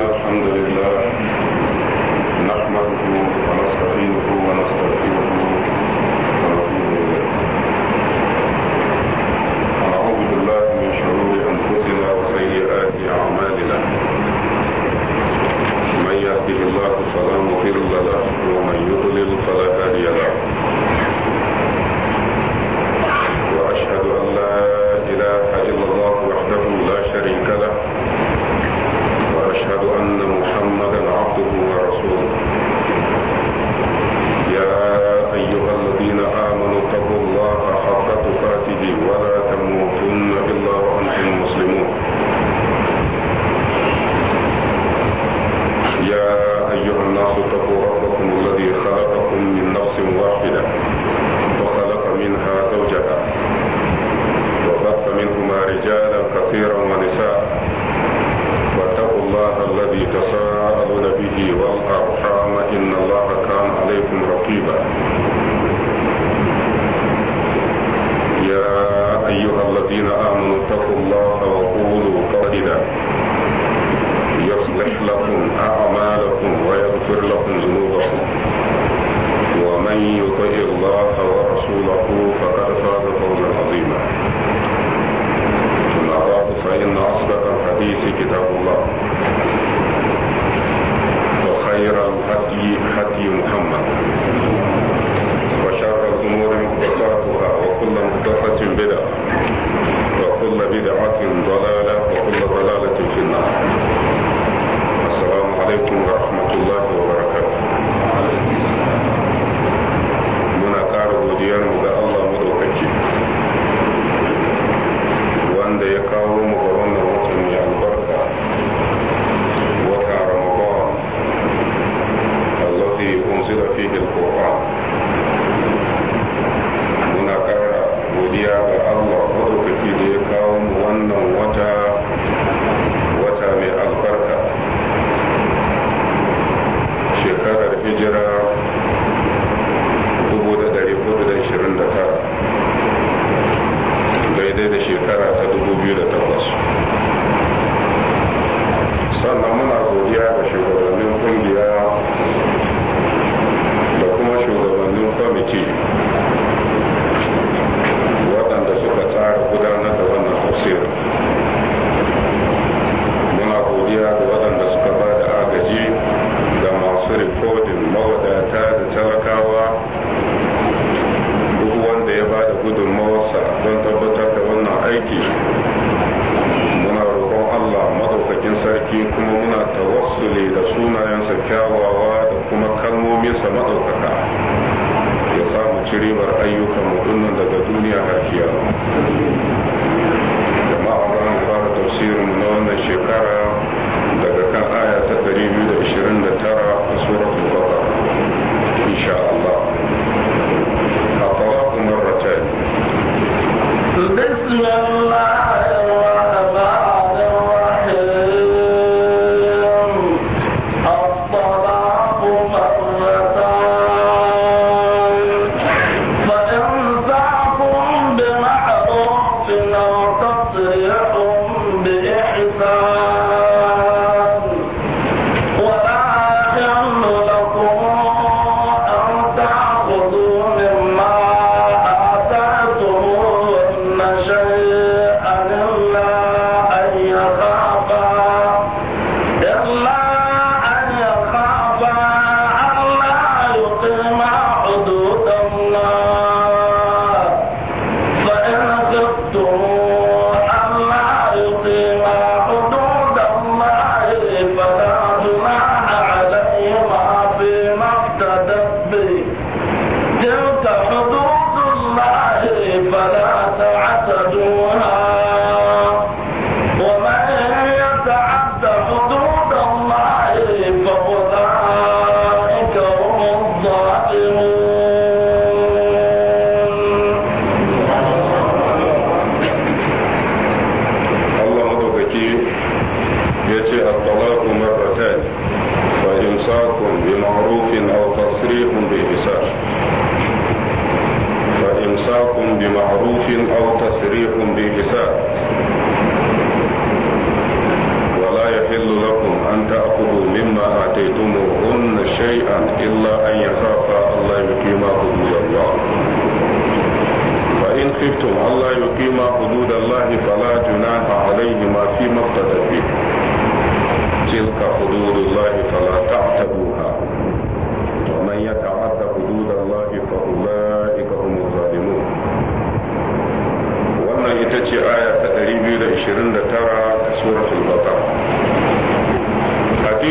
الحمد لله sa maɗaukaka ya samu cirebar ayyukan mutunan daga duniya har kiyama jama'a ba mu fara tafsirin na wannan shekara daga kan aya ta 229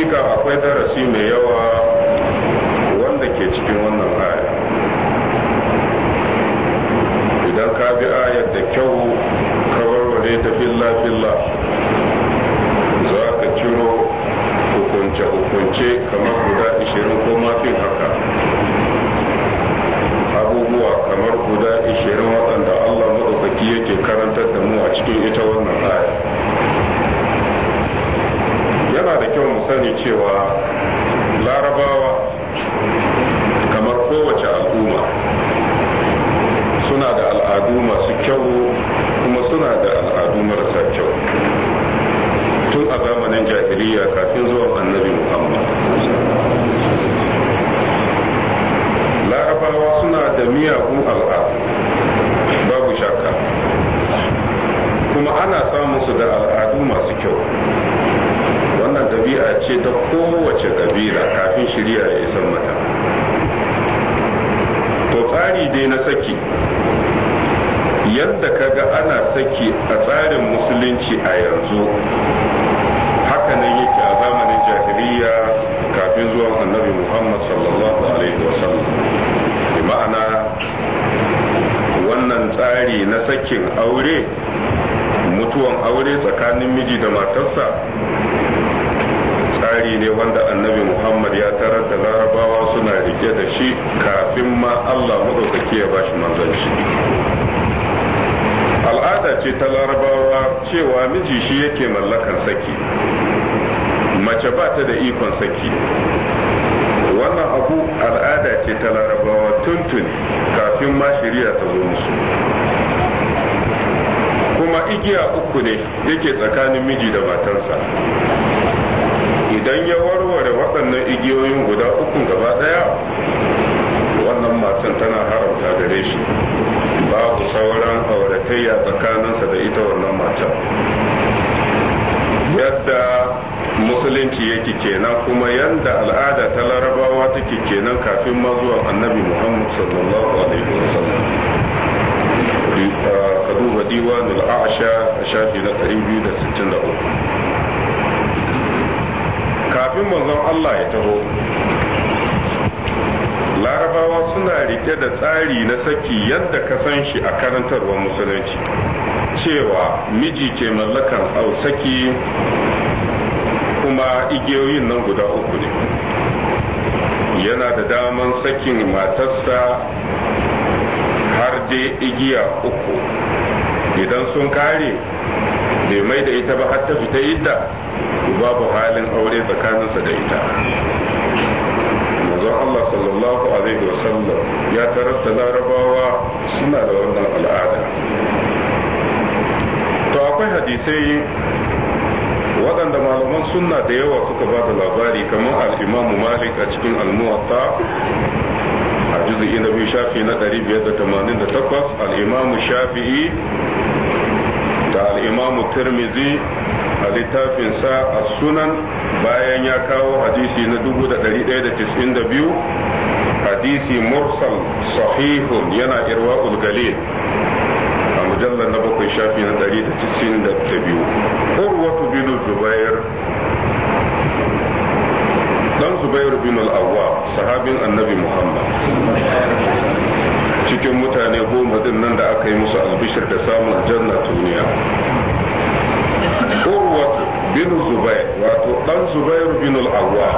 hakika akwai darasi mai yawa wanda ke cikin wannan aya idan ka bi ayar da kyau sani cewa larabawa kamar kowace al'umma suna da al'adu masu kyau kuma suna da al'adu marasa kyau tun a zamanin jahiliya kafin zuwan annabi muhammad larabawa suna da miyagun al'adu babu shaka. kuma ana samun su da al'adu ce ta kowace kabila kafin shirya ya isan mata to tsari dai na saki yadda kaga ana saki a tsarin musulunci a yanzu haka nan yake a zamanin jahiliya kafin zuwan annabi muhammad sallallahu alaihi wasallam ma'ana wannan tsari na sakin aure mutuwan aure tsakanin miji da matarsa littafi ne wanda annabi muhammad ya tarar da larabawa suna rike da shi kafin ma allah maɗaukaki ya ba shi manzanci al'ada ce ta larabawa cewa miji shi yake mallakan saki mace ba ta da ikon saki wannan abu al'ada ce ta larabawa tuntun kafin ma shari'a ta zo musu kuma igiya uku ne yake tsakanin miji da matarsa idan ya warware waɗannan igiyoyin guda uku gaba ɗaya wannan matan tana haramta gare shi babu sauran auratayya tsakaninsa da ita wannan matan yadda musulunci yake kenan kuma yadda al'ada ta larabawa take kenan kafin ma zuwa annabi muhammad sallallahu alaihi wasallam ka duba diwanul a'sha a shafi na 263 kafin manzon Allah ya taho larabawa suna rike da tsari na saki yadda ka san shi a karantarwar musulunci cewa miji ke mallakan au saki kuma igiyoyin nan guda uku ne yana da daman sakin matarsa har dai igiya uku idan sun kare bai mai da ita ba har ta fita idda babu halin aure tsakaninsa da ita manzon Allah sallallahu alaihi wa sallam ya tarar da larabawa suna da wannan al'ada to akwai hadisai waɗanda malaman sunna da yawa suka ba da labari kamar al'imamu malik a cikin almuwatta a juzu'i na biyu shafi na 588 al'imamu shafi'i da al'imamu tirmizi a littafinsa a sunan bayan ya kawo hadisi na 1192 hadisi mursal sahihun yana irwa galil a mujallar na bakwai shafi na ko urwatu bin zubair dan zubair bin al'awwa sahabin annabi muhammad cikin mutane goma din nan da aka yi musu albishir da samun aljanna duniya urwatu bin zubair wato dan zubair bin al-awwa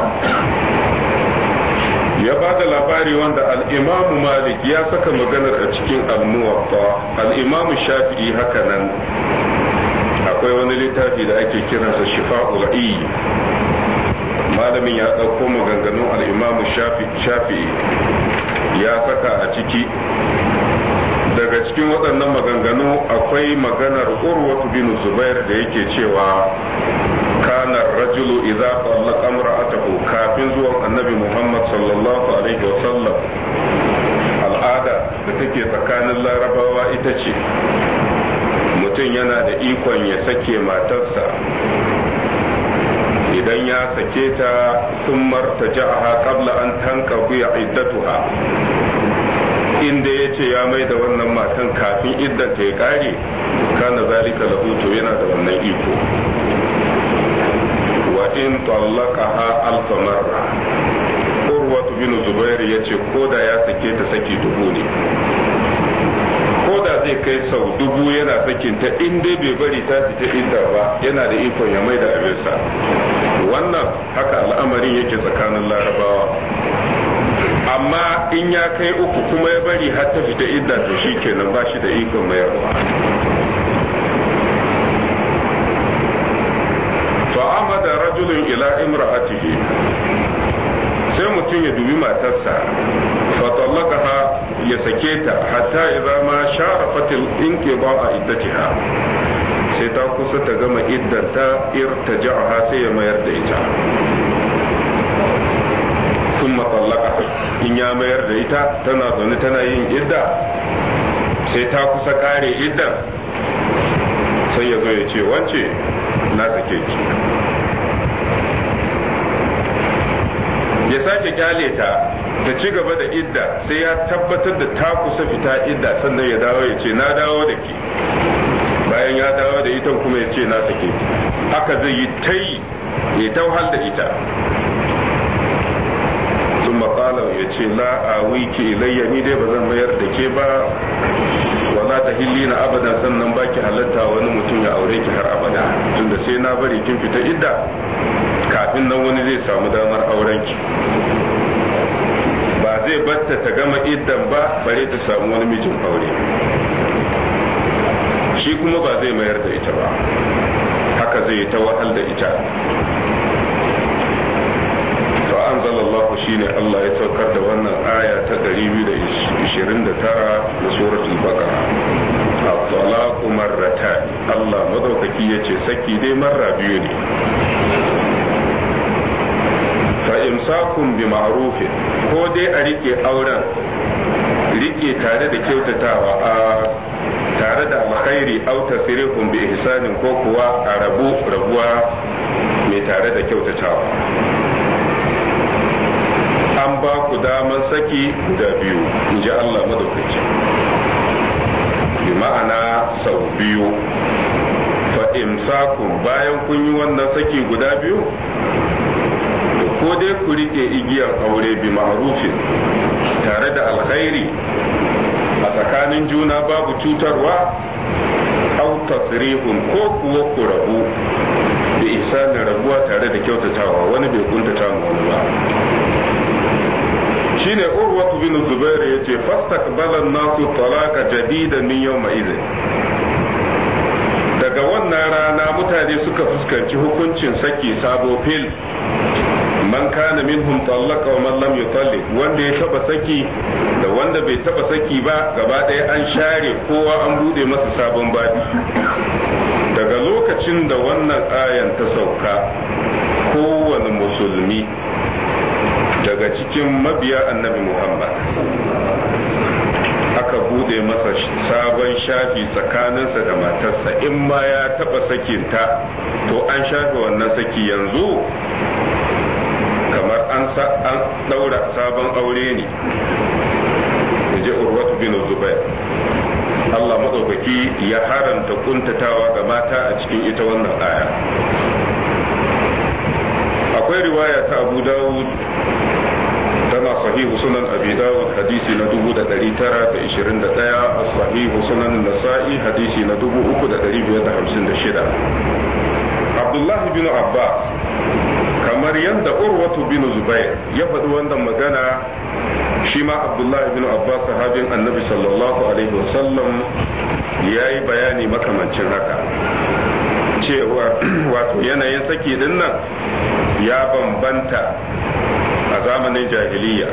ya ba da labari wanda al-imamu malik ya saka maganar a cikin al-muwatta al-imamu shafi'i haka nan akwai wani littafi da ake kiransa shifa'ul iyi malamin ya ɗauko maganganun al-imamu shafi'i ya saka a ciki daga cikin waɗannan maganganu akwai maganar urwatu bin zubair da yake cewa kana rajulu idza tallaqa imra'atahu kafin zuwan annabi muhammad sallallahu alaihi wa sallam al'ada da take tsakanin larabawa ita ce mutum yana da ikon ya sake matarsa idan ya sake ta sun marta ja'aha qabla an tanka iddatuha in da ya ce ya mai da wannan matan kafin ta ya kare kana zalika lahu to yana da wannan iko wa in tallaqaha alfa marra urwa bin zubair yace ko da ya sake ta saki dubu ne ko zai kai sau dubu yana sakin ta in dai bai bari ta fita idda ba yana da ikon ya mai da abinsa wannan haka al'amarin yake tsakanin larabawa amma in ya kai uku kuma ya bari har ta fita idda to shi kenan ba shi da ikon mayarwa fa'amada rajulun ila imra'atihi sai mutum ya dubi matarsa fatallakaha ya sake ta hatta idza ma sharafatil a iddatiha sai ta kusa ta gama iddanta irtaja'aha sai ya mayar da ita sun matsallaka in ya mayar da ita tana zaune tana yin idda sai ta kusa kare idda sai ya zo ya ce wance na sake ki ya sake kyale ta ta ci gaba da idda sai ya tabbatar da ta kusa fita idda sannan ya dawo ya ce na dawo da ke bayan ya dawo da ita kuma ya ce na sake haka zai yi ta yi ya tauhal da ita ya ce la a wike ilayya ni dai ba zan mayar da ke ba wa za ta hilli na abada sannan ba ki halatta wani mutum ya aure ki har abada tunda sai na bari kin fita idda kafin nan wani zai samu damar auren ki ba zai batta ta gama iddan ba bare ta samu wani mijin aure shi kuma ba zai mayar da ita ba haka zai ta wahal da ita shi ne Allah ya saukar da wannan aya ta biyu da ishirin da da tara suratul baqara at-talaqu marratan Allah madaukaki yace saki dai marra biyu ne fa imsakun bi ma'rufin ko dai a rike auren rike tare da kyautatawa a tare da alkhairi au tasrifun bi ihsanin ko kuwa a rabuwa mai tare da kyautatawa daman saki guda biyu in ji Allah madaukaki bi ma'ana sau biyu fa imsakun bayan kun yi wannan saki guda biyu ko dai ku rike igiyar aure bi ma'rufin tare da alkhairi a tsakanin juna babu cutarwa au tasrihun ko kuwa ku rabu da isanin rabuwa tare da kyautatawa wani bai kuntata mu wani ba shine urwatu bin zubair yace fastakbala nasu talaqa jadida min yawma idh daga wannan rana mutane suka fuskanci hukuncin saki sabo fil man kana minhum tallaka wa man lam yutalliq wanda ya taba saki da wanda bai taba saki ba gaba ɗaya an share kowa an bude masa sabon babi daga lokacin da wannan ayan ta sauka kowane musulmi cikin mabiya annabi Muhammad aka bude masa sabon shafi tsakaninsa da matarsa in ma ya taba sakinta to an shafi wannan saki yanzu kamar an daura sabon aure ne je urwatu bin zubair Allah maɗaukaki ya haramta kuntatawa ga mata a cikin ita wannan aya akwai riwaya ta abu dawud yana sahihu sunan abi dawud hadisi na 1921 a sahihu sunan nasa'i hadisi na 3556 abdullahi bin abbas kamar yadda urwatu bin zubair ya faɗi wannan magana shi ma abdullahi bin abbas sahabin annabi sallallahu alaihi wasallam ya yi bayani makamancin haka cewa wato yanayin saki din nan ya bambanta zamanin jahiliya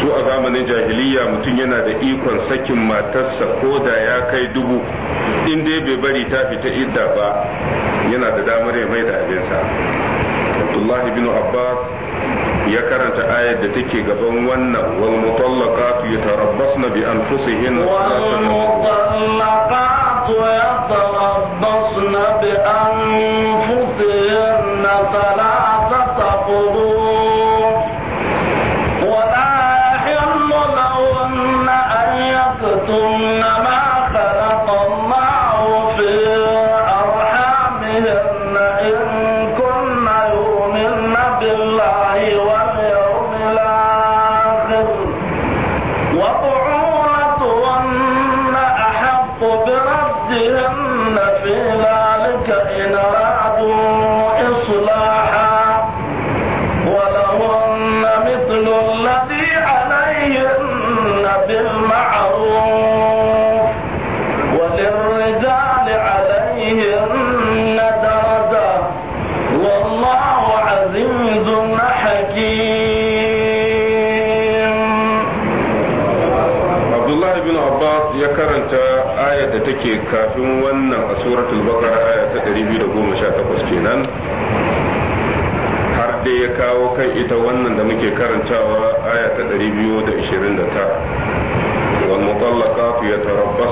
su a zamanin jahiliya mutum yana da ikon sakin matarsa ko da ya kai dubu in dai bai bari ta fita idda ba yana da damar ya mai da abinsa abdullahi bin abbas ya karanta ayar da take gaban wannan wal mutallaqatu yatarabbasna bi anfusihin wal mutallaqatu yatarabbasna bi anfusihin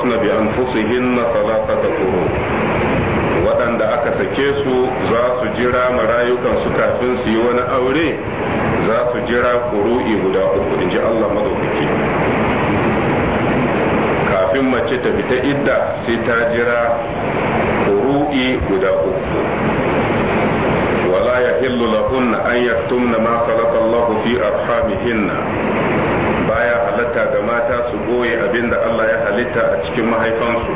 yatarabbasna bi anfusihin thalathata qurun waɗanda aka sake su za su jira marayukan su kafin su yi wani aure za su jira kuru'i guda uku inji Allah madaukaki kafin mace ta fita idda sai ta jira kuru'i guda uku wala yahillu lahunna an yaktumna ma khalaqa Allah fi arhamihinna baya halatta ga mata su goye abin da Allah ya halitta a cikin mahaifansu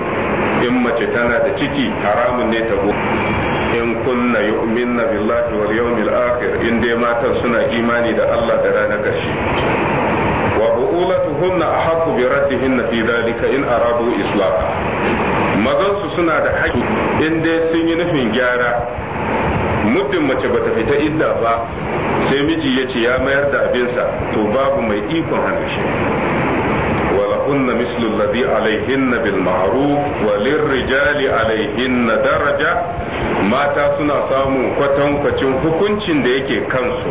in mace tana da ciki haramun ne ta in kunna yu'minna billahi wal yawmil akhir in dai matan suna imani da Allah da ranar karshe wa bu'ulatuhunna ahaqqu bi raddihinna fi dhalika in aradu islah mazansu suna da haƙƙi in dai sun yi nufin gyara muddin mace bata fita idda ba sai miji ya ce ya mayar da abinsa to babu mai ikon hana shi ولهن مثل الذي عليهن بالمعروف وللرجال عليهن daraja mata suna samun kwatankwacin hukuncin da yake kansu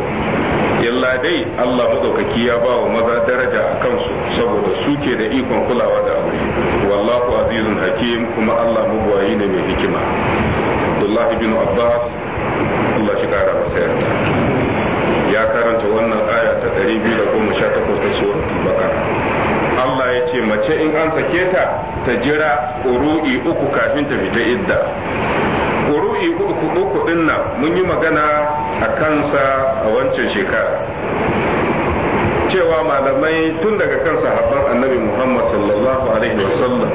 illa dai Allah madaukaki ya bawa maza daraja a kansu saboda su ke da ikon kulawa da aure wallahu azizun hakim kuma Allah mugwayi ne mai hikima Abdullahi bin Abbas Allah shi kara masa yarda ya karanta wannan aya ta 218 ta suratul baqara Allah ya ce mace in an sake ta ta jira ƙuru'i uku kafin ta fita idda ƙuru'i uku uku din nan mun yi magana a kansa a wancan shekara cewa malamai tun daga kan sahabban annabi Muhammad sallallahu alaihi wasallam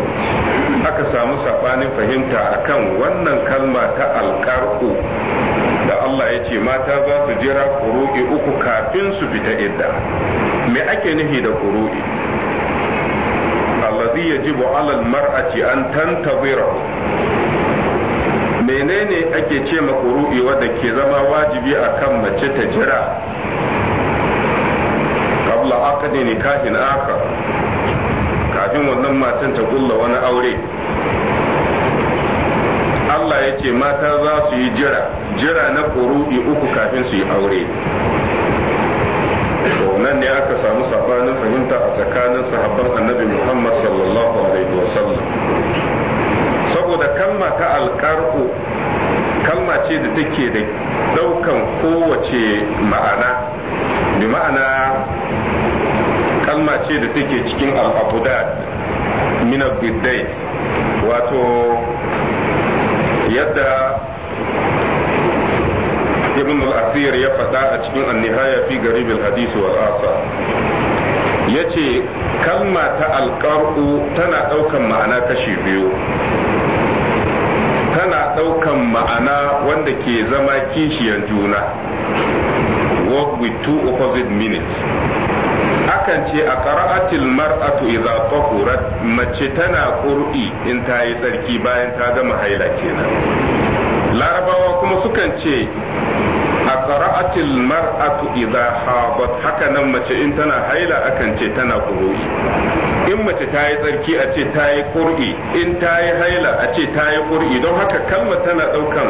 aka samu saɓanin fahimta akan wannan kalma ta alƙar'u Allah ya ce mata za su jira kuru'i uku kafin su fita idda me ake nufi da kuru'i allazi yajibu ala mar'ati an tantazira menene ake ce ma kuru'i wanda ke zama wajibi a kan mace ta jira qabla aqdi nikahin aka. kafin wannan matan ta kulla wani aure yace mata za su yi jira jira na ƙuru'i uku kafin su yi aure to nan ne aka samu sabanin fahimta a tsakanin sahabban annabi Muhammad sallallahu alaihi wa sallam saboda kalma ta alqar'u kalma ce da take da daukan kowace ma'ana bi ma'ana kalma ce da take cikin al'abudat min wato yadda ibn al-asir ya faɗa a cikin annihaya fi garib al-hadith wal asa yace kalma ta alqar'u tana ɗaukan ma'ana kashi biyu tana ɗaukan ma'ana wanda ke zama kishiyar juna work with two opposite minutes akan ce a qara'atil mar'atu idza tahurat mace tana qur'i in ta yi tsarki bayan ta gama haila kenan larabawa kuma sukan ce a qara'atil mar'atu idza hadat haka nan mace in tana haila akan ce tana qur'i in mace ta yi tsarki a ce ta yi qur'i in ta yi haila a ce ta yi qur'i don haka kalmar tana daukan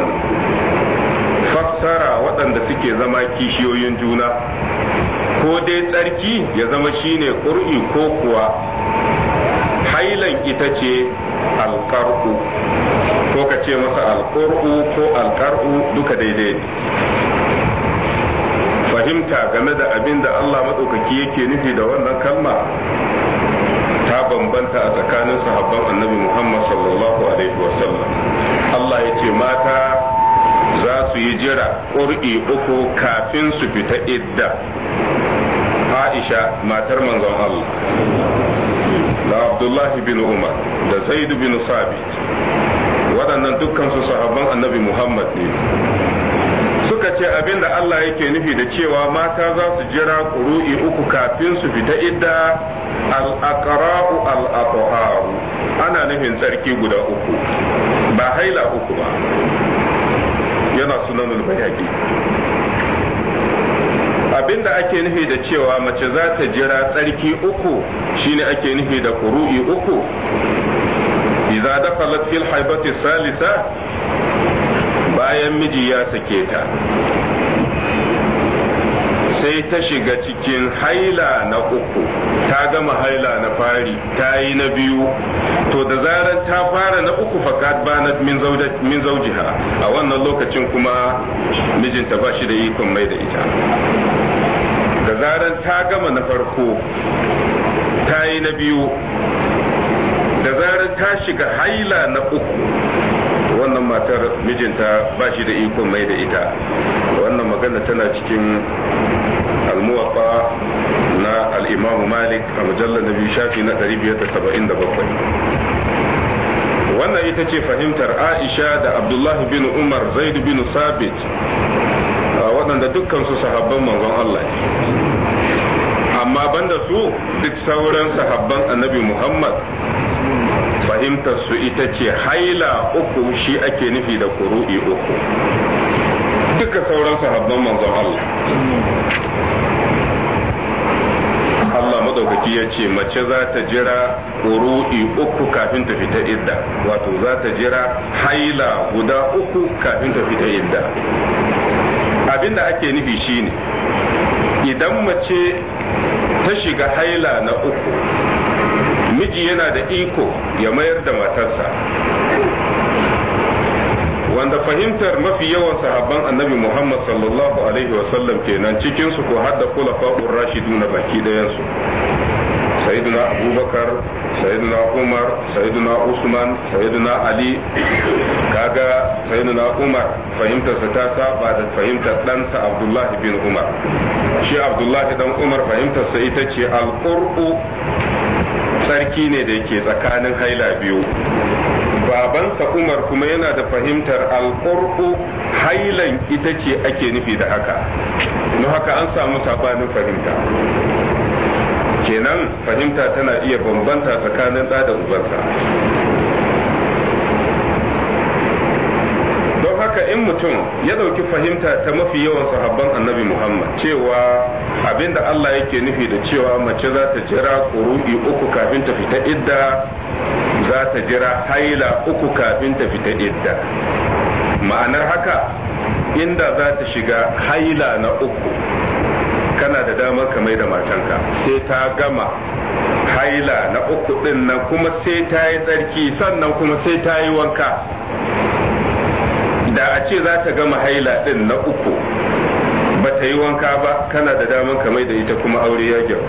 fassara waɗanda suke zama kishiyoyin juna ko dai tsarki ya zama shine ƙur'i ko kuwa hailan ita ce alƙar'u ko ka ce masa alƙar'u ko alƙar'u duka daidai fahimta game da abin da Allah maɗaukaki yake nufi da wannan kalma ta bambanta a tsakanin sahabban annabi Muhammad sallallahu alaihi wasallam Allah ya ce mata za su yi jira ƙur'i uku kafin su fita idda aisha matar manzon Allah da abdullahi bin umar da zaidu bin sabit waɗannan dukkan su sahabban annabi muhammad ne suka ce abinda Allah yake nufi da cewa mata za su jira ƙuru'i uku kafin su fita idda al-aqra'u al ana nufin tsarki guda uku ba haila uku ba yana sunan bayaki abinda ake nufi da cewa mace za ta jira tsarki uku shine ake nufi da kuru'i uku idza dakhalat fil haibati salisa bayan miji ya sake ta sai ta shiga cikin haila na uku ta gama haila na fari ta yi na biyu to da zarar ta fara na uku fakat na min zaujiha a wannan lokacin kuma mijinta ba shi da ikon mai da ita da zarar ta gama na farko ta yi na biyu da zarar ta shiga haila na uku wannan matar mijinta ba shi da ikon mai da ita wannan magana tana cikin al-muwatta na al-imam malik a mujallar na biyu shafi na 577 wannan ita ce fahimtar aisha da abdullahi bin umar zaid bin sabit waɗanda dukkan su sahabban manzon allah amma banda su duk sauran sahabban annabi muhammad fahimtar su ita ce haila uku shi ake nufi da kuru'i uku duka sauran sahabban manzon Allah madaukaki ya ce mace za ta jira ƙuru'i uku kafin ta fita idda wato za ta jira haila guda uku kafin ta fita idda abin da ake nufi shine idan mace ta shiga haila na uku miji yana da iko ya mayar da matarsa wanda fahimtar mafi yawan sahabban annabi Muhammad sallallahu alaihi sallam kenan cikin su ko hadda kulafa na baki ɗayansu sayyiduna abubakar sayyiduna umar sayyiduna usman sayyiduna ali kaga sayyiduna umar fahimtarsa ta saba da fahimtar ɗansa abdullahi bin umar shi abdullahi dan umar fahimtarsa ita ce alƙur'u sarki ne da yake tsakanin haila biyu babansa umar kuma yana da fahimtar alƙur'u hailan ita ce ake nufi da haka don haka an samu sabanin fahimta kenan fahimta tana iya bambanta tsakanin ɗa da ubansa don haka in mutum ya ɗauki fahimta ta mafi yawan sahabban annabi muhammad cewa abinda allah yake nufi da cewa mace za ta jira kuru'i uku kafin ta fita idda za ta jira haila uku kafin ta fita idda ma'anar haka inda za ta shiga haila na uku kana da damar ka mai da matanka sai ta gama haila na uku din nan kuma sai ta yi tsarki sannan kuma sai ta yi wanka da a ce za ta gama haila din na uku ba ta yi wanka ba kana da damar ka mai da ita kuma aure ya gyau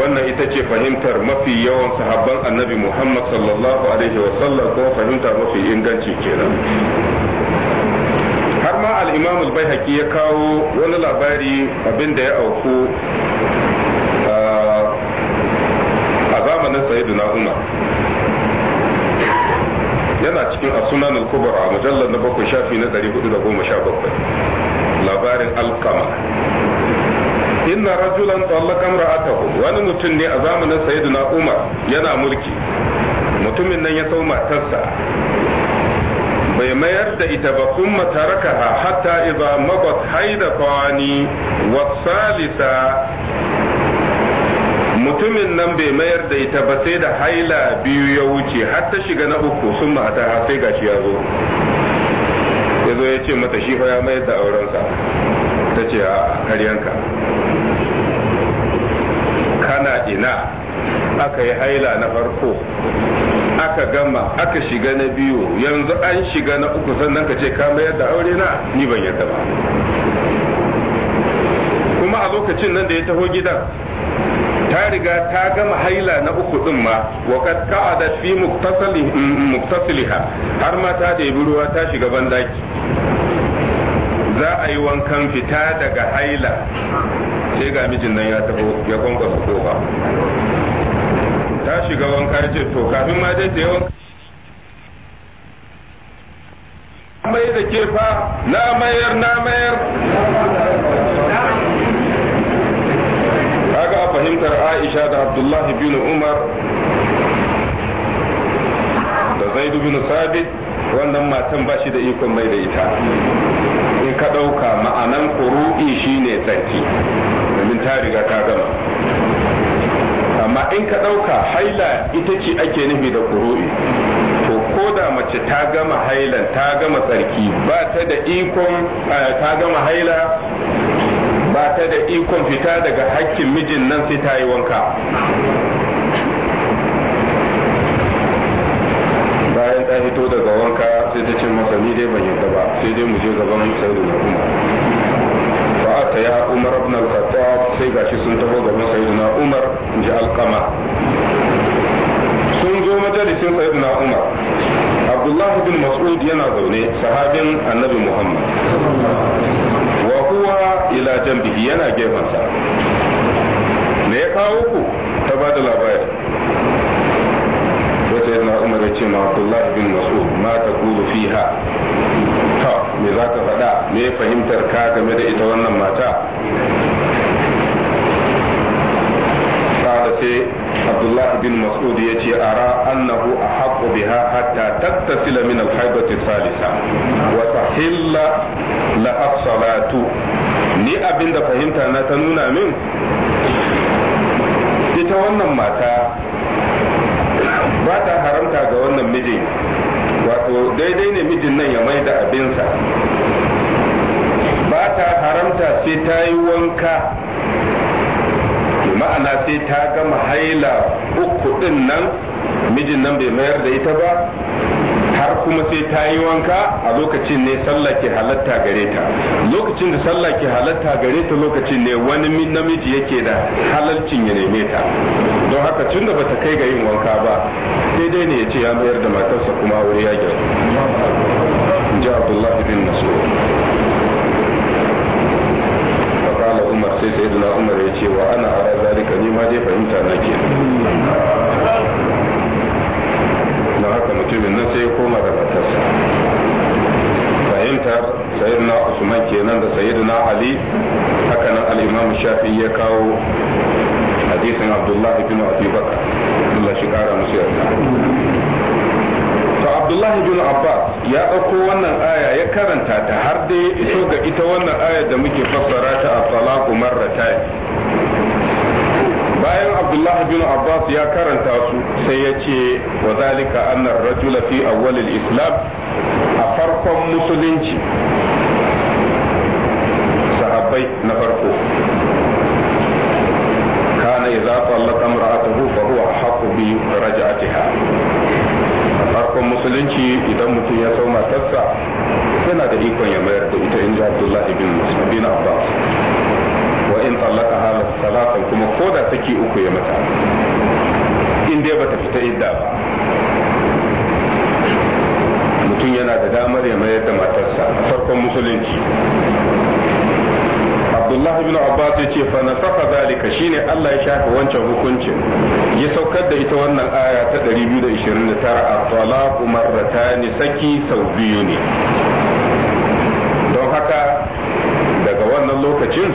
wannan ita ce fahimtar mafi yawan sahabban annabi muhammad sallallahu alaihi wasallam ko fahimta mafi inganci kenan amma al-imam al-baihaqi ya kawo wani labari abin da ya auku a zamanin sayyidina umar yana cikin as-sunan al-kubra mujallad na bakwai shafi na 417 labarin alkama inna rajulan tsallaka ra'atahu wani mutum ne a zamanin sayyidina umar yana mulki mutumin nan ya sau matarsa bai mayar da ita ba taraka ha hatta iza mabat haida wa Salisa. mutumin nan bai mayar da ita ba sai da haila biyu ya wuce har ta shiga na uku sun ta sai gashi ya zo ya ya ce mata shi fa ya mayar da aurensa ta ce a karyanka kana ina aka yi haila na farko aka gama aka shiga na biyu yanzu an shiga na uku sannan ka ce ka mayar da aure na ni ban yarda ba kuma a lokacin nan da ya taho gidan ta riga ta gama haila na uku din ma wa kad ka'ada fi muktasiliha har ma ta debi ruwa ta shiga bandaki za a yi wankan fita daga haila sai ga mijin nan ya taho ya kwankwasa kofa ta shiga wanka ce to kafin ma dai ta yawan mai da ke fa na mayar na mayar a fahimtar Aisha da Abdullahi bin Umar da Zaidu bin Sabit wannan matan ba shi da ikon mai da ita in ka ɗauka ma'anan kuru'i shine tsarki domin ta riga ta gama amma in ka ɗauka haila ita ce ake nufi da kuru'i to ko da mace ta gama hailan ta gama tsarki ba ta da ikon ta gama haila ba ta da ikon fita daga hakkin mijin nan sai ta yi wanka bayan ta fito daga wanka sai ta ce masa ni dai ban yadda ba sai dai mu je gaban sauri na kuma ta fataya umar ibn al-khattab sai gashi sun taho gaban sayyidina umar in ji alkama sun zo majalisin sayyidina umar abdullah bin mas'ud yana zaune sahabin annabi muhammad wa huwa ila jambihi yana gefensa me ya kawo ku ta ba da labari sai sayyidina umar ya ce ma abdullah bin mas'ud ma taqulu fiha me za ka faɗa me fahimtar ka game da ita wannan mata sai abdullahi bin mas'ud ya ce ara annahu a biha hatta tattasila min alhaibati salisa wa tahilla la salatu ni abinda fahimta na ta nuna min ita wannan mata ba ta haramta ga wannan mijin wato daidai ne mijin nan ya mai da abinsa ba ta haramta sai ta yi wanka ma'ana sai ta gama haila uku din nan mijin nan bai mayar da ita ba har kuma sai ta yi wanka a lokacin ne sallah ke halatta gare ta lokacin da sallah ke halatta gare ta lokacin ne wani namiji yake da halalcin ya neme ta don haka tun da bata kai ga yin wanka ba sai dai ne ya ce ya mayar da matarsa kuma aure ya gyaru ji abdullah bin mas'ud qala umar sai sayyidina umar ya ce wa ana ara zalika ni ma dai fahimta na ke mutumin nan sai ya koma da matarsa fahimtar na usman kenan da na ali haka nan al'imam shafi ya kawo hadisin abdullah ibn abi bakr Allah shi kara musu yarda abdullah ibn abbas ya dauko wannan aya ya karanta ta har dai ya iso ga ita wannan aya da muke fassara ta a talaku marratayn abdullahi bin abbas ya karanta su sai ya ce wa zalika annar rajula fi awwalil islam a farkon musulunci sahabbai na farko kana idza tallaka imra'atuhu fa huwa haqqu bi raj'atiha a farkon musulunci idan mutum ya sau matarsa yana da ikon ya mayar da ita inji abdullahi bin abbas wa in talaka hala kuma ko da take uku ya mata in dai bata fita idda ba mutum yana da damar ya mayar da matarsa farkon musulunci Abdullah ibn Abbas ya ce fa saka zalika shine Allah ya shafa wancan hukuncin ya saukar da ita wannan aya ta 229 at-talaqu marratani saki sau biyu ne don haka daga wannan lokacin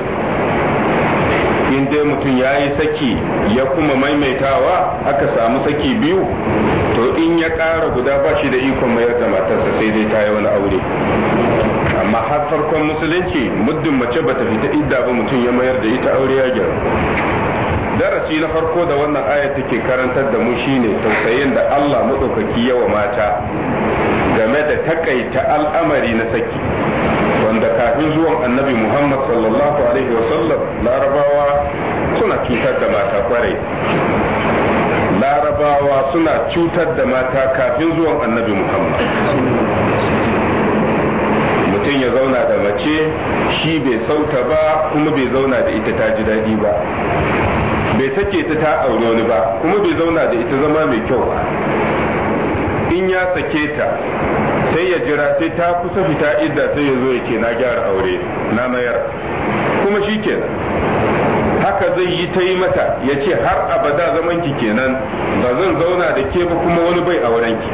dai mutum ya yi saki ya kuma maimaitawa aka samu saki biyu to in ya ƙara guda ba shi da ikon mayar da matarsa sai dai ta yi wani aure amma har farkon musulunci muddin mace ba bata fita idda ba mutum ya mayar da ita aure ya gyara darasi na farko da wannan aya take karantar da mu shine tausayin da Allah ya yawa mata game da takaita al'amari na saki wanda kafin zuwan annabi Muhammad sallallahu alaihi sallam larabawa suna cutar da mata kwarai larabawa suna cutar da mata kafin zuwan annabi muhammad mutum ya zauna da mace shi bai sauta ba kuma bai zauna da ita ta ji daɗi ba bai sake ta ta auri wani ba kuma bai zauna da ita zama mai kyau ba in ya sake ta sai ya jira sai ta kusa fita idda sai ya zo ya ke na gyara aure na mayar kuma shi kenan haka zai yi ta yi mata ya ce har abada zaman ki kenan ba zan zauna da ke ba kuma wani bai a ki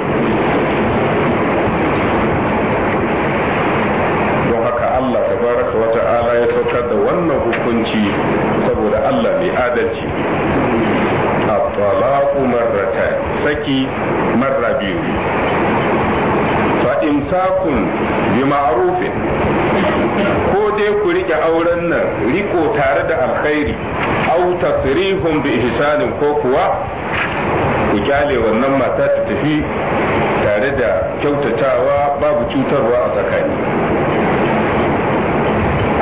don haka Allah tabaraka wa ta'ala ya saukar da wannan hukunci saboda Allah mai adalci at-talaqu marratan saki marra biyu fa imsakun bi ma'rufin ko dai ku rike auren nan riko tare da alkhairi au tasrihum bi ihsanin ko kuwa ku kyale wannan mata ta tafi tare da kyautatawa babu cutarwa a tsakani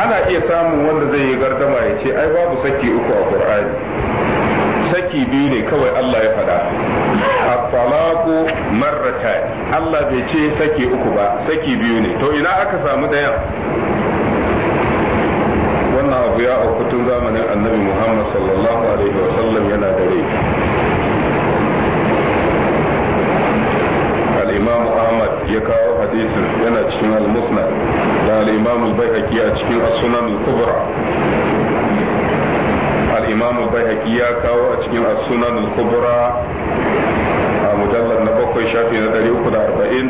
ana iya samun wanda zai yi gardama ya ce ai babu saki uku a qur'ani saki biyu ne kawai Allah ya faɗa at marratan Allah bai ce saki uku ba saki biyu ne to ina aka samu ɗayan abu ya auku zamanin annabi muhammad sallallahu alaihi wasallam yana dare. rai al-imam ahmad ya kawo hadisin yana cikin al-musnad da al-imam al-baihaqi a cikin as-sunan al-kubra al-imam al-baihaqi ya kawo a cikin as-sunan al-kubra a mujallar na bakwai shafi na 340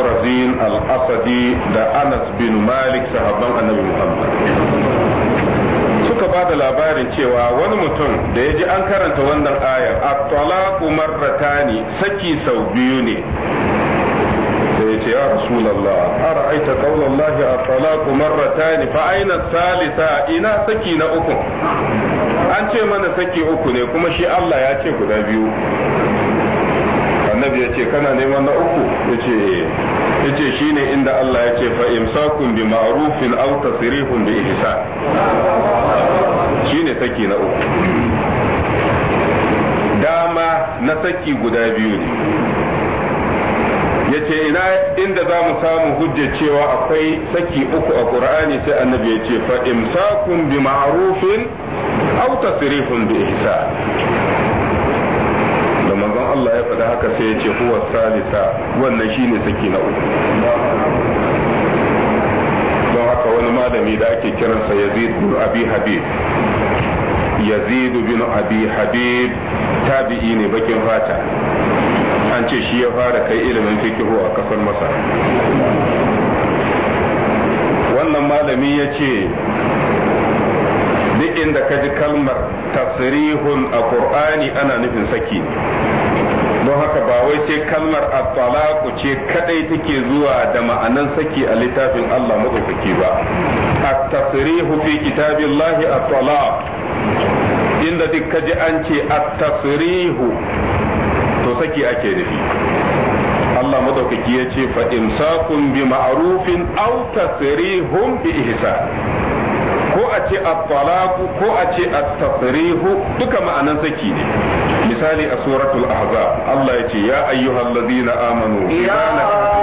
abu razin da anas bin malik sahabban suka ba da labarin cewa wani mutum da ya ji an karanta wannan ayar at saki sau biyu ne da ya ce ya rasulallah ara'aita qaulallahi at-talaqu marratani fa aina salisa ina saki na uku an ce mana saki uku ne kuma shi Allah ya ce guda biyu annabi ya ce kana neman na uku Yace eh. yace shine inda Allah ya ce fa'imsakun bi ma'arufin aw tasrihun bi ihsan Shine saki na uku dama na saki guda biyu ne Yace ina inda za mu samu hujjar cewa akwai saki uku a ƙur'ani sai annabi ya ce fa fa'imsakun bi ma'arufin aw tasrihun bi ihsan Allah ya faɗa haka sai ya ce huwa salisa wannan shi ne saki na uku don haka wani malami da ake kiransa Yazid bin Abi Habib Yazid bin Abi Habib tabi'i ne bakin fata an ce shi ya fara kai ilimin fikihu a kasar Masar wannan malami ya ce duk inda ka ji kalmar tasrihun a ƙur'ani ana nufin saki don haka ba wai sai kalmar at-talaqu ce kadai take zuwa da ma'anan saki a littafin Allah madaukaki ba at-tasrihu fi kitabillahi at-talaq inda duk kaji an ce at-tasrihu to saki ake nufi Allah madaukaki ya ce fa imsakun bi ma'rufin aw tasrihum bi ihsan a ce at-talaqu ko a ce at-tasrihu duka ma'anan saki ne misali a suratul ahzab Allah ya ce ya ayyuhallazina amanu ya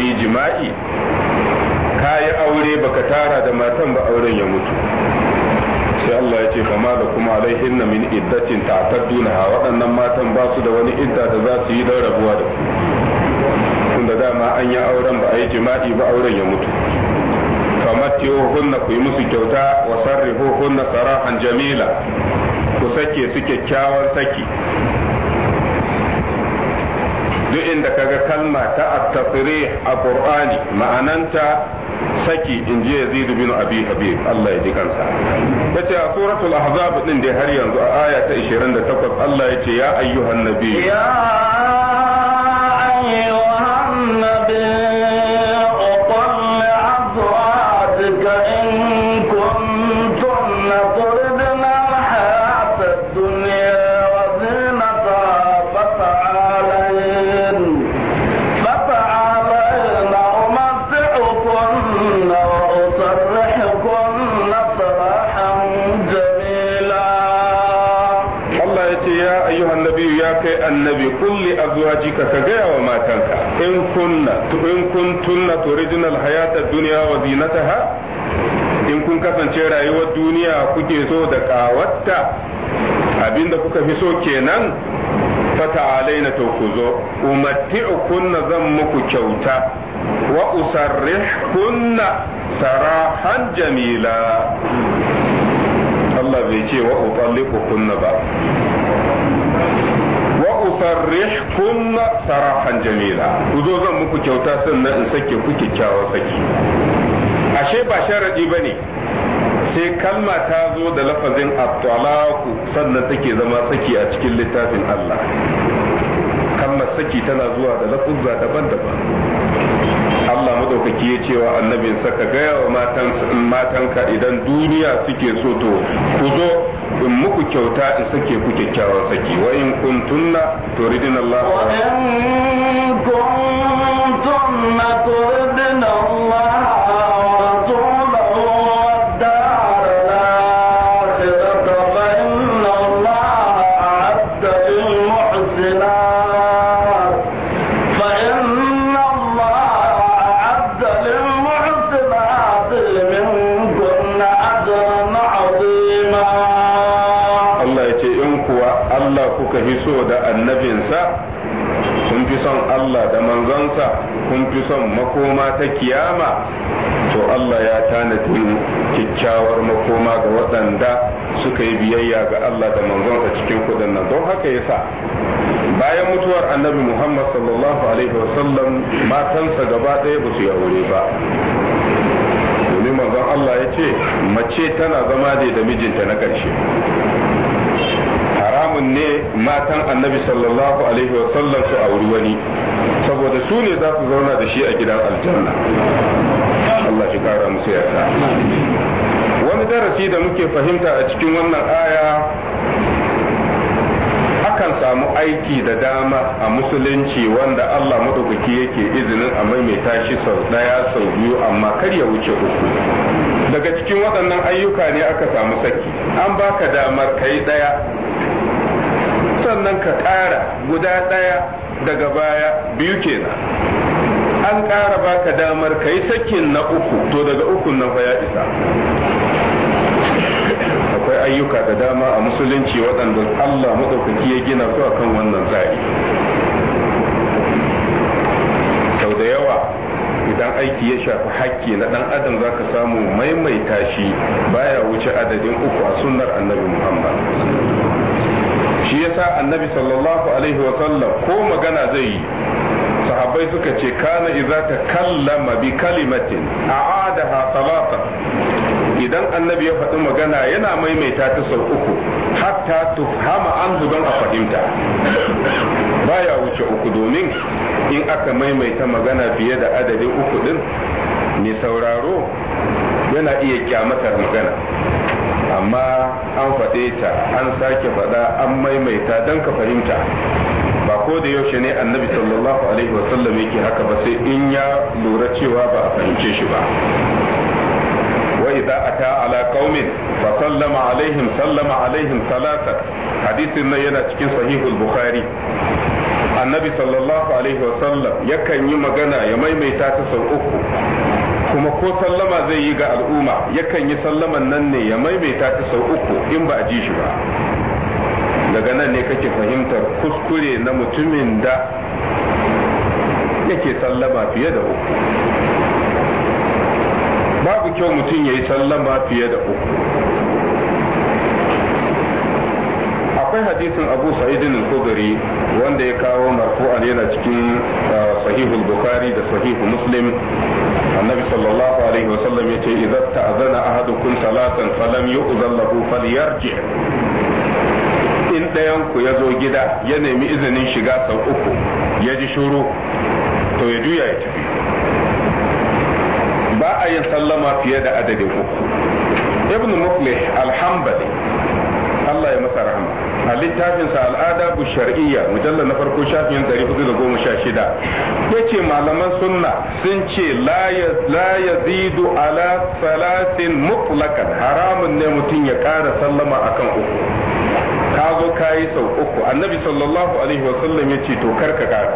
yi jima'i ka yi aure baka tara da matan ba auren ya mutu sai Allah ya ce ma da kuma alaihin na min iddatin ta'tadduna waɗannan matan ba su da wani idda da za su yi don rabuwa da ku tunda dama an yi auren ba a yi jima'i ba auren ya mutu Kamar na ku yi musu kyauta wa hunna sarahan jamila ku sake su kyakkyawan saki duk inda kaga kalma ta at a qur'ani ma'ananta saki in ji yazid bin abi habib Allah ya ji kansa yace a suratul ahzab din da har yanzu a aya ta 28 Allah yace ya ayyuhan nabiy ya in kunna in kuntunna turidna alhayata dunya wa zinataha in kun kasance rayuwar duniya kuke so da kawatta abinda kuka fi so kenan alaina to ku zo kunna zan muku kyauta wa usarrihkunna sarahan jamila Allah bai ce wa kunna ba usarrihkunna sarahan jamila ku zo zan muku kyauta sannan in sake ku kyakkyawan saki ashe ba ba ne sai kalma ta zo da lafazin at-talaqu sannan take zama saki a cikin littafin Allah kalmar saki tana zuwa da lafuzza daban-daban Allah madaukaki ya cewa annabin saka gaya wa matanka idan duniya suke so to ku zo in muku kyauta in sake ku kyakkyawan saki wa in kuntunna turidin Allah wa in kuntunna turidin Allah fi son makoma ta kiyama to Allah ya tanadi kyakkyawar makoma ga waɗanda suka yi biyayya ga Allah da manzonsa cikin kudin nan don haka yasa bayan mutuwar annabi Muhammad sallallahu alaihi wasallam matansa gaba ɗaya ba su yi aure ba domin manzon Allah ya ce mace tana zama ne da mijinta na ƙarshe haramun ne matan annabi sallallahu alaihi wasallam su auri wani saboda su ne za su zauna da shi a gidan aljanna Allah shi kara musu yarda wani darasi da muke fahimta a cikin wannan aya akan samu aiki da dama a musulunci wanda Allah madaukaki yake izinin a maimaita shi sau ɗaya sau biyu amma kar ya wuce uku daga cikin waɗannan ayyuka ne aka samu saki an baka damar kai ɗaya sannan ka ƙara guda ɗaya. daga baya biyu kenan an ƙara baka damar ka yi sakin na uku to daga ukun nan fa ya isa akwai ayyuka da dama a musulunci waɗanda Allah maɗaukaki ya gina su akan wannan tsari sau da yawa idan aiki ya shafi hakki na ɗan adam za ka samu maimaita shi baya wuce adadin uku a sunnar annabi muhammad shi yasa annabi sallallahu alaihi wa sallam ko magana zai yi sahabbai suka ce kana idza kallama bi kalimatin a'adaha salata idan annabi ya faɗi magana yana maimaita ta sau uku hatta tuhama an don a fahimta baya wuce uku domin in aka maimaita magana fiye da adadin uku din mai sauraro yana iya kyamatar magana amma an faɗe ta an sake faɗa an maimaita don ka fahimta ba ko da yaushe ne annabi sallallahu alaihi wasallam yake haka ba sai in ya lura cewa ba a fahimce shi ba wa idza ata ala qaumin fa sallama alaihim sallama alaihim salasa hadisin na yana cikin sahihul bukhari annabi sallallahu alaihi wasallam yakan yi magana ya maimaita ta sau uku kuma ko sallama zai yi ga al'umma yakan yi sallaman nan ne ya maimaita ta sau uku in ba a ji shi ba daga nan ne kake fahimtar kuskure na mutumin da yake sallama fiye da uku babu kyau mutum ya yi sallama fiye da uku akwai hadisin abu sa'idin al-khudri wanda ya kawo marfu'an yana cikin uh, sahihul bukhari da sahihu muslim annabi sallallahu alaihi wasallam ya ce idza ta'zana ahadukum salatan falam yu'zan lahu falyarji in dayan ku ya zo gida ya nemi izinin shiga sau uku ya ji shuru to ya juya ya tafi ba a yin sallama fiye da adadin uku ibn muflih al-hanbali Allah ya masa rahama a littafinsa al'ada bu shar'iyya mujallar na farko shafin 416 yace malaman sunna sun ce la yazidu ala salatin mutlaqan haramun ne mutum ya kara sallama akan uku kazo zo sau uku annabi sallallahu alaihi wa ya ce to karka kara.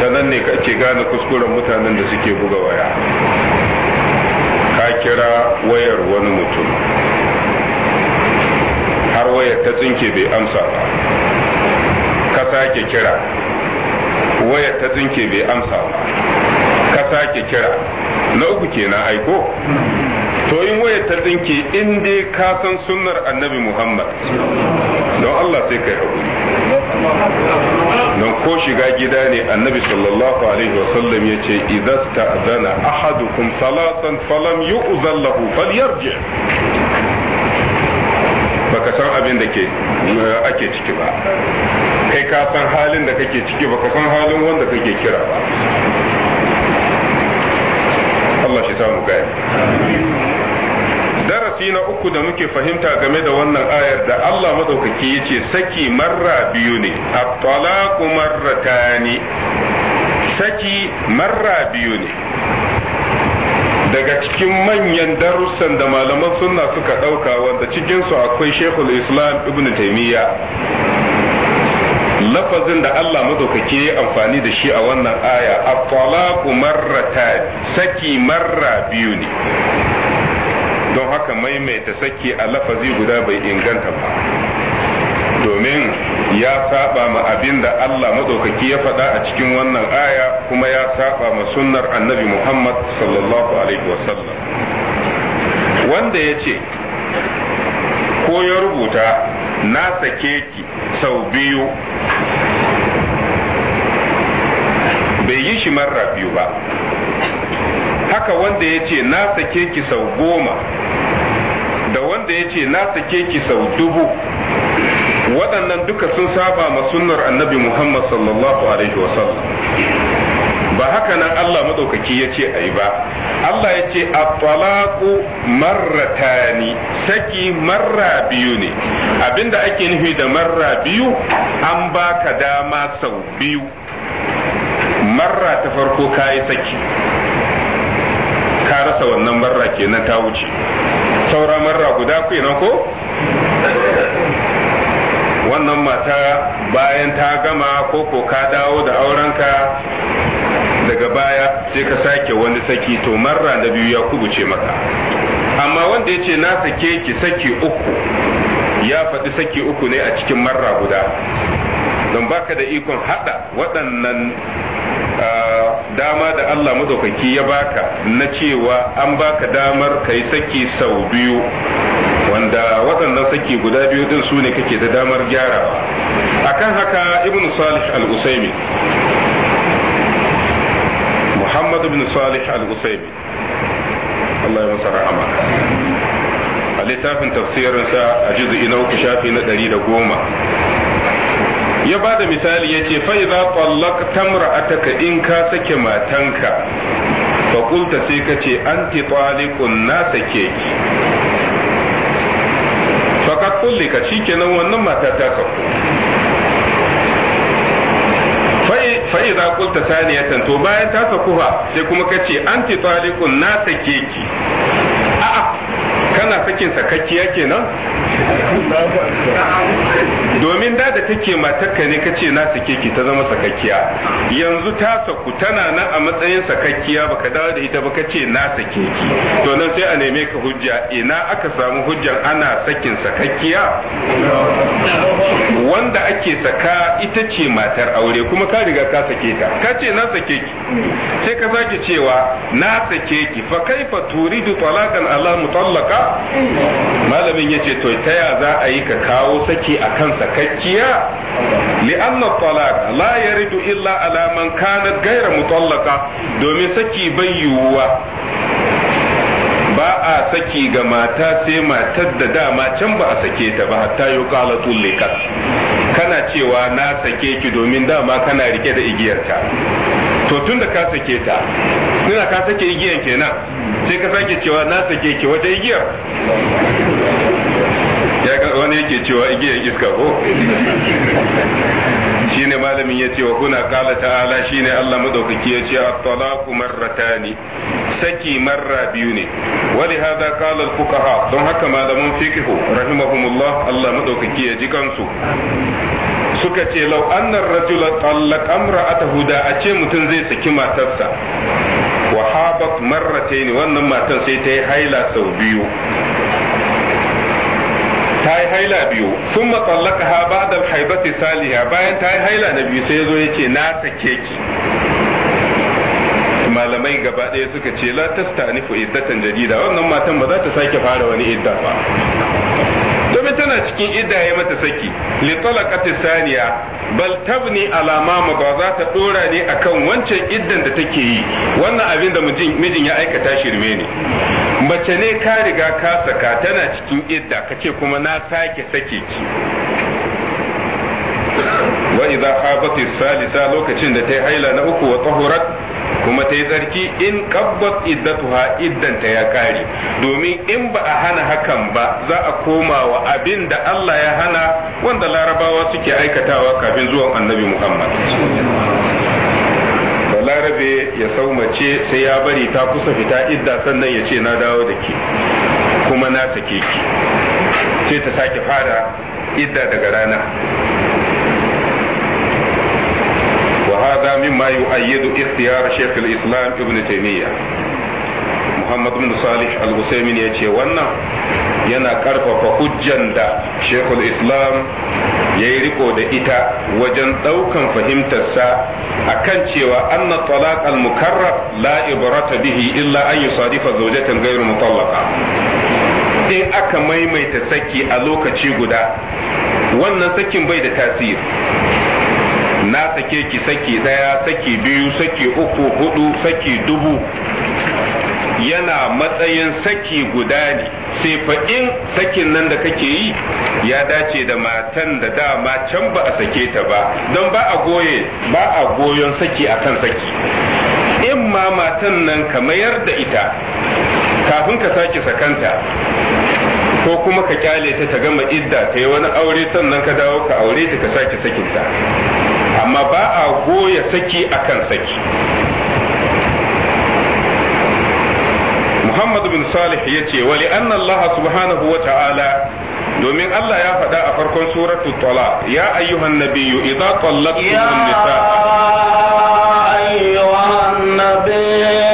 ta nan ne kake gane kuskuren mutanen da suke buga waya kira wayar wani mutum har wayar ta tsinke bai amsa ba ka sake kira wayar ta tsinke bai amsa ba ka sake kira na uku kenan aiko to in waya ta tsinke in dai ka san sunnar annabi Muhammad don Allah sai kai haƙuri don ko shiga gida ne annabi sallallahu alaihi wa wasallam ya ce idan ta ta'zana ahadukum salatan falam yu'zan lahu falyarji baka san abin da ke ake ciki ba kai ka san halin da kake ciki baka san halin wanda kake kira ba Allah shi samu gaya darasi na uku da muke fahimta game da wannan ayar da Allah madaukaki yace saki marra biyu ne at-talaqu marratani saki marra biyu ne daga cikin manyan darussan da malaman sunna suka ɗauka wanda cikinsu akwai shekul islam ibn taimiyya lafazin da Allah madaukake ya amfani da shi a wannan aya at-talaqu ta saki marra biyu ne don haka maimaita saki a lafazi guda bai inganta ba domin ya saba ma abin da Allah madaukake ya faɗa a cikin wannan aya kuma ya saba ma sunnar annabi Muhammad sallallahu alaihi wasallam wanda ya ce ko ya rubuta na sake ki sau biyu bai yi shi marra biyu ba haka wanda ya ce na sake ki sau goma da wanda ya ce na sake ki sau dubu waɗannan duka sun saba ma sunnar annabi muhammad sallallahu alaihi wasallam ba haka nan Allah madaukaki ya ce a yi ba Allah ya ce at-talaqu marratani saki marra biyu ne abinda ake nufi da marra biyu an baka dama sau biyu marra ta farko kayi saki ka rasa wannan marra kenan ta wuce saura marra guda kenan ko wannan mata bayan ta gama ko ko ka dawo da aurenka daga baya sai ka sake wani saki to marra da biyu ya kubuce maka amma wanda ya ce na sake ki saki uku ya faɗi saki uku ne a cikin marra guda don baka da ikon haɗa waɗannan dama da Allah madaukaki ya baka na cewa an baka damar ka saki sau biyu wanda waɗannan saki guda biyu din su ne kake da damar gyarawa akan haka ibn salih al-usaimi muhammad bin salih al-usaibi Allah ya masa rahama a littafin tafsirinsa a jizu ina uku shafi na ɗari da goma ya ba da misali ya ce za idza tallaqta imra'ataka in ka sake matanka fa sai ka ce anti taliqun na sake ki fa ka kullika shikenan wannan mata ta sako fa idza qulta saniyatan to bayan ta sakuwa sai kuma kace anti taliqun na sake ki kana sakin sakakkiya kenan domin da da take matarka ne kace na sake ki ta zama sakakkiya yanzu ta saku tana nan a matsayin sakakkiya baka dawo da ita ba kace na sake ki to nan sai a neme ka hujja ina aka samu hujjan ana sakin sakakkiya wanda ake saka ita ce matar aure kuma ka riga ka sake ta kace na sake ki sai ka sake cewa na sake ki fa kaifa turidu talaqan ala tallaka. malamin ya ce to za a yi ka kawo saki a kan sakakkiya li'anna talaq la ya ridu illa alaman kanar kana gaira mutallaka domin saki bai yiwuwa ba a saki ga mata sai matar da dama can ba a sake ta ba hatta yi qalatun likat kana cewa na sake ki domin dama kana rike da igiyarta to tun da ka sake ta tunda ka sake igiyar kenan sai ka sake cewa na sake ki wata igiyar ya ga wani yake cewa igiyar iska ko shine malamin ya ce wa kuna kala ta'ala shine Allah madaukaki ya ce at-talaqu marratani saki marra biyu ne wali hada kala al-fuqaha don haka malaman fiqh rahimahumullah Allah madaukaki ya ji kansu suka ce lau annar rajula tallaq amra'atahu da a ce mutum zai saki matarsa habat marratayn wannan matan sai ta yi haila sau biyu ta yi haila biyu sun matsallaka ha ba da haibati saliha bayan ta yi haila na biyu sai zo yake na sake ki malamai gaba ɗaya suka ce la tasta ni fu iddatan jadida wannan matan ba za ta sake fara wani idda ba tana cikin idda ya mata saki li talaqati saniya bal tabni ala ma ba za ta dora ne akan wancan iddan da take yi wannan abin da mijin ya aikata shirme ne mace ne ka riga ka saka tana cikin idda kace kuma na sake sake ki wa idza habati salisa lokacin da ta haila na uku wa tahurat kuma ta yi tsarki in kabbat iddatuha iddanta ya kare domin in ba a hana hakan ba za a koma wa abin da Allah ya hana wanda larabawa suke aikatawa kafin zuwan annabi Muhammad Da Larabe ya saumace sai ya bari ta kusa fita idda sannan ya ce na dawo da ke kuma na sake ki sai ta sake fara idda daga rana مما يؤيد اختيار شيخ الإسلام ابن تيمية محمد بن صالح الوسيمين يتي وانا ينا كرفة حجا دا شيخ الإسلام يريكو دا إتا وجن دوكا فهمت السا أكن cewa أن الطلاق المكرر لا إبرة به إلا أن يصادف زوجة غير مطلقة in aka maimaita saki a lokaci guda wannan sakin bai da tasiri na sake ki saki daya saki biyu saki uku hudu saki dubu yana matsayin saki guda ne sai fa in sakin nan da kake yi ya dace da matan da dama can ba a sake ta ba don ba a goye ba a goyon saki akan saki in ma matan nan ka mayar da ita kafin ka sake sakanta ko kuma ka kyale ta ta gama idda ta yi wani aure sannan ka dawo ka aure ta ka sake sakinta amma ba a goya saki akan saki Muhammad bin Salih ya ce wali anna Allah subhanahu wa ta'ala domin Allah ya faɗa a farkon suratul Tala ya ayyuhan nabiyyu idza tallaqtum nisa ya ayyuhan nabiyyu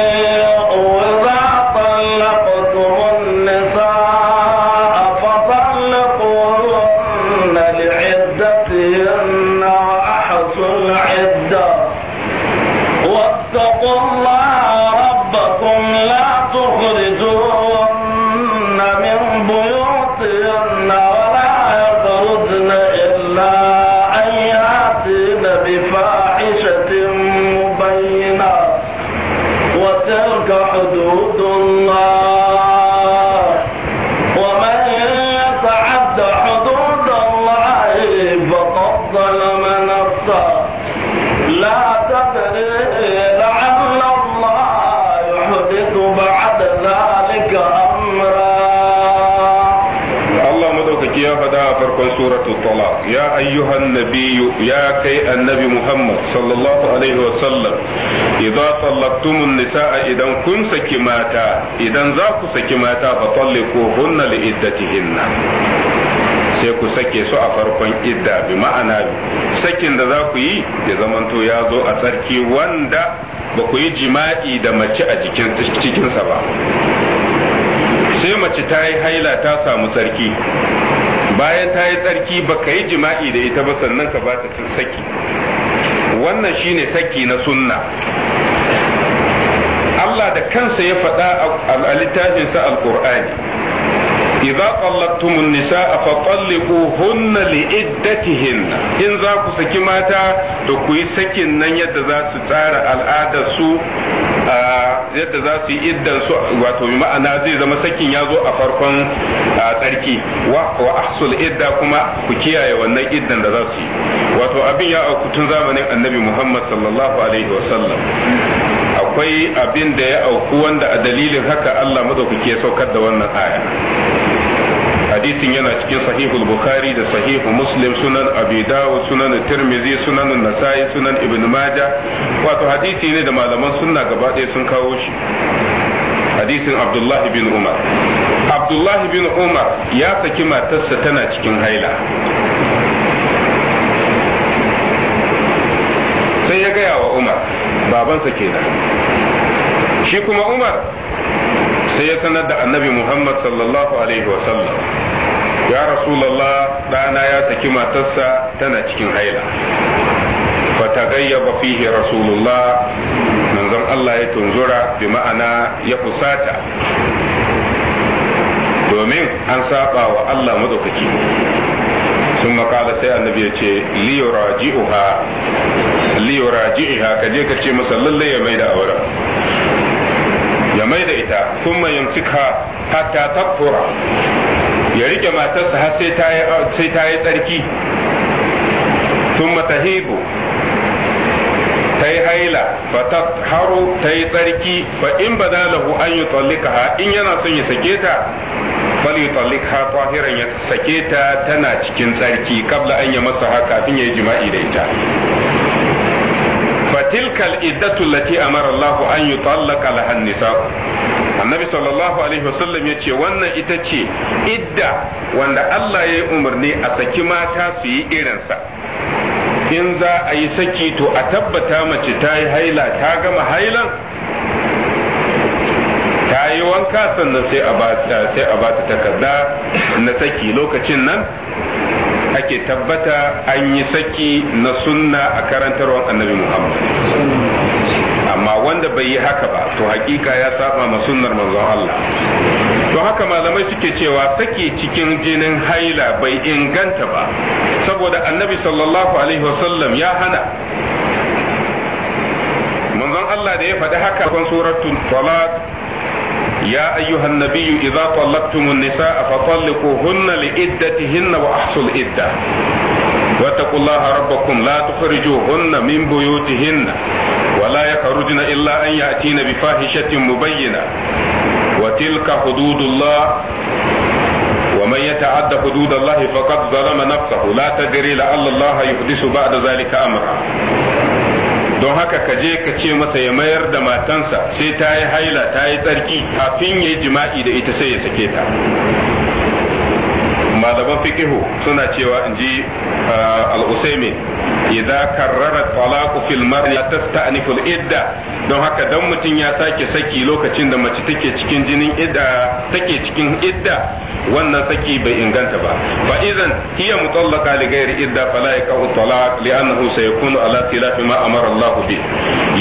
sallallahu alaihi wa sallam idza tallaqtumun nisaa idan kun saki mata idan za ku saki mata fa talliquhunna li iddatihinna sai ku sake su a farkon idda bi ma'ana sakin da za ku yi ya zamanto ya zo a tsarki wanda ba ku yi jima'i da mace a cikinsa ba sai mace ta yi haila ta samu tsarki bayan ta yi tsarki ba ka yi jima'i da ita ba sannan ka ba ta saki kenan wannan shine saki na sunna Allah da kansa ya faɗa a littafinsa alƙur'ani idza a nisaa fa talliquhunna li'iddatihin in za ku saki mata da ku yi sakin nan yadda za su tsara al'adar yadda za su yi iddan su wato bi ma'ana zai zama sakin ya zo a farkon tsarki wa ahsul idda kuma ku kiyaye wannan iddan da za su yi wato abin ya auku tun zamanin annabi muhammad sallallahu alaihi wasallam akwai abin da ya auku wanda a dalilin haka allah madaukake ya saukar da wannan aya hadisin yana cikin sahihul bukhari da sahihu muslim sunan abi dawud sunan tirmizi sunan nasa'i sunan ibn maja wato hadisi ne da malaman sunna gaba ɗaya sun kawo shi hadisin abdullah bin umar abdullah bin umar ya saki matarsa tana cikin haila nan ya gaya wa umar babansa kenan shi kuma umar sai ya sanar da annabi muhammad sallallahu alaihi wasallam ya rasulallah ɗana ya saki matarsa tana cikin haila fatagayyaba fihi rasulullah manzon Allah ya tunzura bi ma'ana ya fusata domin an saba wa Allah madaukaki sun makala sai annabi ya ce rajiuha liyuraji'iha ka je ka ce masa lalle ya maida auren ya maida ita kuma yamsika hatta takfura ya rike matarsa har sai ta yi tsarki kuma tahibu ta yi haila fa ta haru ta yi tsarki fa in ba an yi tsallika in yana son ya sake ta bal yutallikaha tsallika tahiran ya sake ta tana cikin tsarki kabla an yi masa haka kafin ya yi jima'i da ita fatilkal iddatu lati amara Allahu an yutallaqa lahan nisa annabi sallallahu alaihi wasallam ya ce wannan ita ce idda wanda Allah ya yi umarni a saki mata su yi irinsa in za a yi saki to a tabbata mace ta yi haila ta gama hailan ta yi wanka sannan sai a ba takarda na saki lokacin nan ake tabbata an yi saki na sunna a karantarwar annabi Muhammad amma wanda bai yi haka ba to hakika ya saba ma sunnar manzon Allah to haka malamai suke cewa saki cikin jinin haila bai inganta ba saboda annabi sallallahu alaihi wasallam ya hana manzon Allah da ya faɗi haka kan suratul talaq يا أيها النبي إذا طلقتم النساء فطلقوهن لعدتهن وأحصوا العدة واتقوا الله ربكم لا تخرجوهن من بيوتهن ولا يخرجن إلا أن يأتين بفاحشة مبينة وتلك حدود الله ومن يتعد حدود الله فقد ظلم نفسه لا تدري لعل الله يحدث بعد ذلك أمرا don haka ka je ka ce masa ya mayar da matansa sai ta yi haila ta yi tsarki kafin ya yi jima'i da ita sai ya sake ta malaman fikihu suna cewa in ji uh, al'usaimi idza karrara talaqu fil mar'i tasta'nifu al idda don haka dan mutum ya sake saki lokacin da mace take cikin jinin idda take cikin idda wannan saki bai inganta ba fa idan hiya mutallaqa li ghairi idda fala yaqau talaq li'annahu sayakunu ala khilafi ma amara Allah bi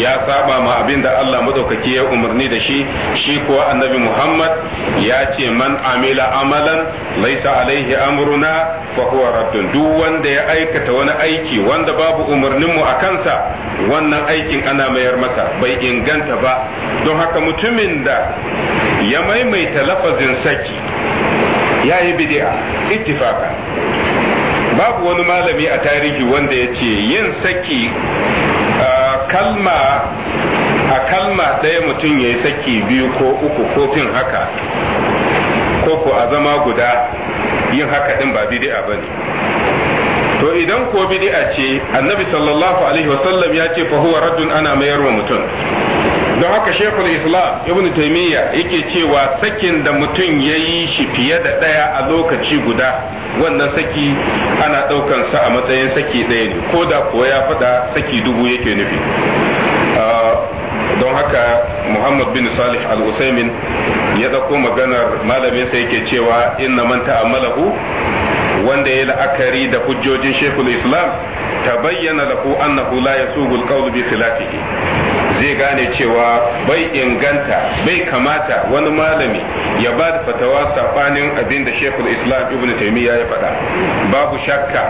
ya saba ma abinda Allah madaukaki ya umarni da shi shi kuwa annabi Muhammad ya ce man amila amalan laysa alaihi alaihi amruna fa huwa raddun duk wanda ya aikata wani aiki wanda babu umarnin mu a kansa wannan aikin ana mayar masa bai inganta ba don haka mutumin da ya maimaita lafazin saki yayi bid'a ittifaka babu wani malami a tarihi wanda ya ce yin saki kalma a kalma ɗaya mutum ya yi saki biyu ko uku ko fin haka ko ko a zama guda yin haka din ba bid'a ne to idan ko bid'a ce annabi sallallahu alaihi wasallam ya ce fa huwa raddun ana wa mutum don haka shekul islam ibn taimiyya yake cewa sakin da mutum ya yi shi fiye da ɗaya a lokaci guda wannan saki ana sa a matsayin saki ɗaya ne ko da kuwa ya faɗa saki dubu yake nufi ah, don haka muhammad bin salih al-usaimin ya dauko maganar malamin sa yake cewa inna man ta'amalahu wanda ya la'akari da hujjojin shekul islam tabayyana lahu annahu la yasugul qawlu bi khilafihi zai gane cewa bai inganta bai kamata wani malami ya ba da fatawa sabanin abin da shekul islam ibn taimiyya ya faɗa babu shakka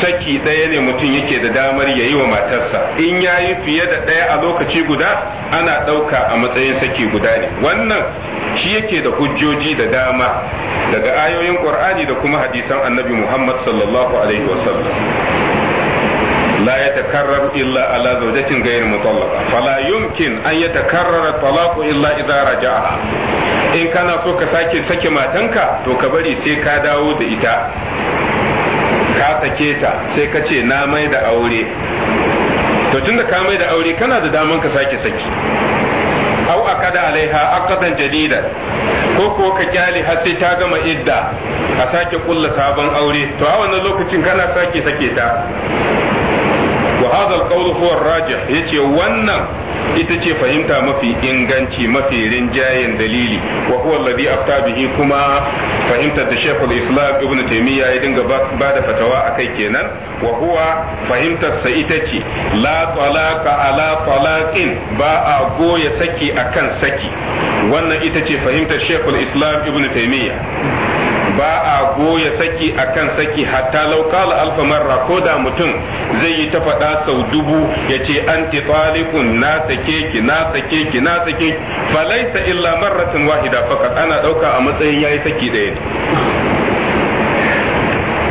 saki ɗaya ne mutum yake da damar ya yi wa matarsa in ya yi fiye da ɗaya a lokaci guda ana ɗauka a matsayin saki guda ne wannan shi yake da hujjoji da dama daga ayoyin ƙur'ani da kuma hadisan annabi muhammad sallallahu alaihi wasallam la yatakarrar illa ala zawjatin ghayr mutallaqa fala yumkin an yatakarrara talaqu illa idza raja'a in kana so ka sake sake matanka to ka bari sai ka dawo da ita ka sake ta sai ka ce na mai da aure to tunda ka mai da aure kana da daman ka sake saki aw akada alaiha aqdan jadida ko ko ka kyale har sai ta gama idda ka sake ƙulla sabon aure to a wannan lokacin kana sake sake ta hadha alqawl huwa arrajih yace wannan ita ce fahimta mafi inganci mafi rinjayen dalili wa huwa alladhi afta bihi kuma fahimtar da Sheikhul Islam Ibn taimiyya ya dinga ba da fatawa akai kenan wa huwa fahimtar sa ita ce la talaqa ala talaqin ba a goya saki akan saki wannan ita ce fahimtar Sheikhul Islam Ibn taimiyya. ba a goya saki akan saki hatta laukal alfa marra ko da mutum zai yi ta faɗa sau dubu ya ce anti talikun na sake ki na sake ki na sake ki falaisa illa marratin wahida fakat ana ɗauka a matsayin yayi saki ɗaya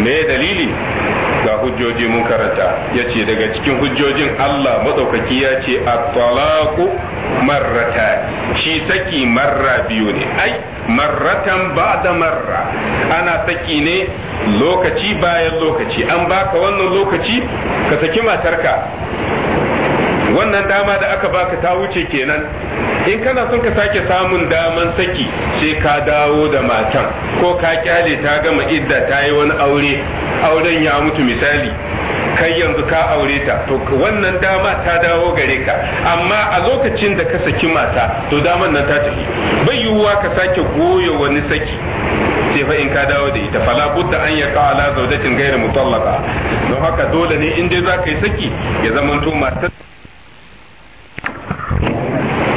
me dalili ga hujjoji mun karanta ya ce daga cikin hujjojin Allah maɗaukaki ya ce a marrata shi saki marra biyu ne ai marratan ba'da marra ana saki ne lokaci bayan lokaci an baka wannan lokaci ka saki matarka wannan dama da aka baka ta wuce kenan in kana son ka sake samun daman saki sai ka dawo da matan ko ka kyale ta gama idda ta yi wani aure auren ya mutu misali kai yanzu ka aure ta to wannan dama ta dawo gare ka amma a lokacin da ka saki mata to daman nan ta tafi bai yiwuwa ka sake goye wani saki sai fa in ka dawo da ita fala budda an yaka ala zaudatin gairu mutallaka don haka dole ne in dai za ka yi saki ya zamanto matar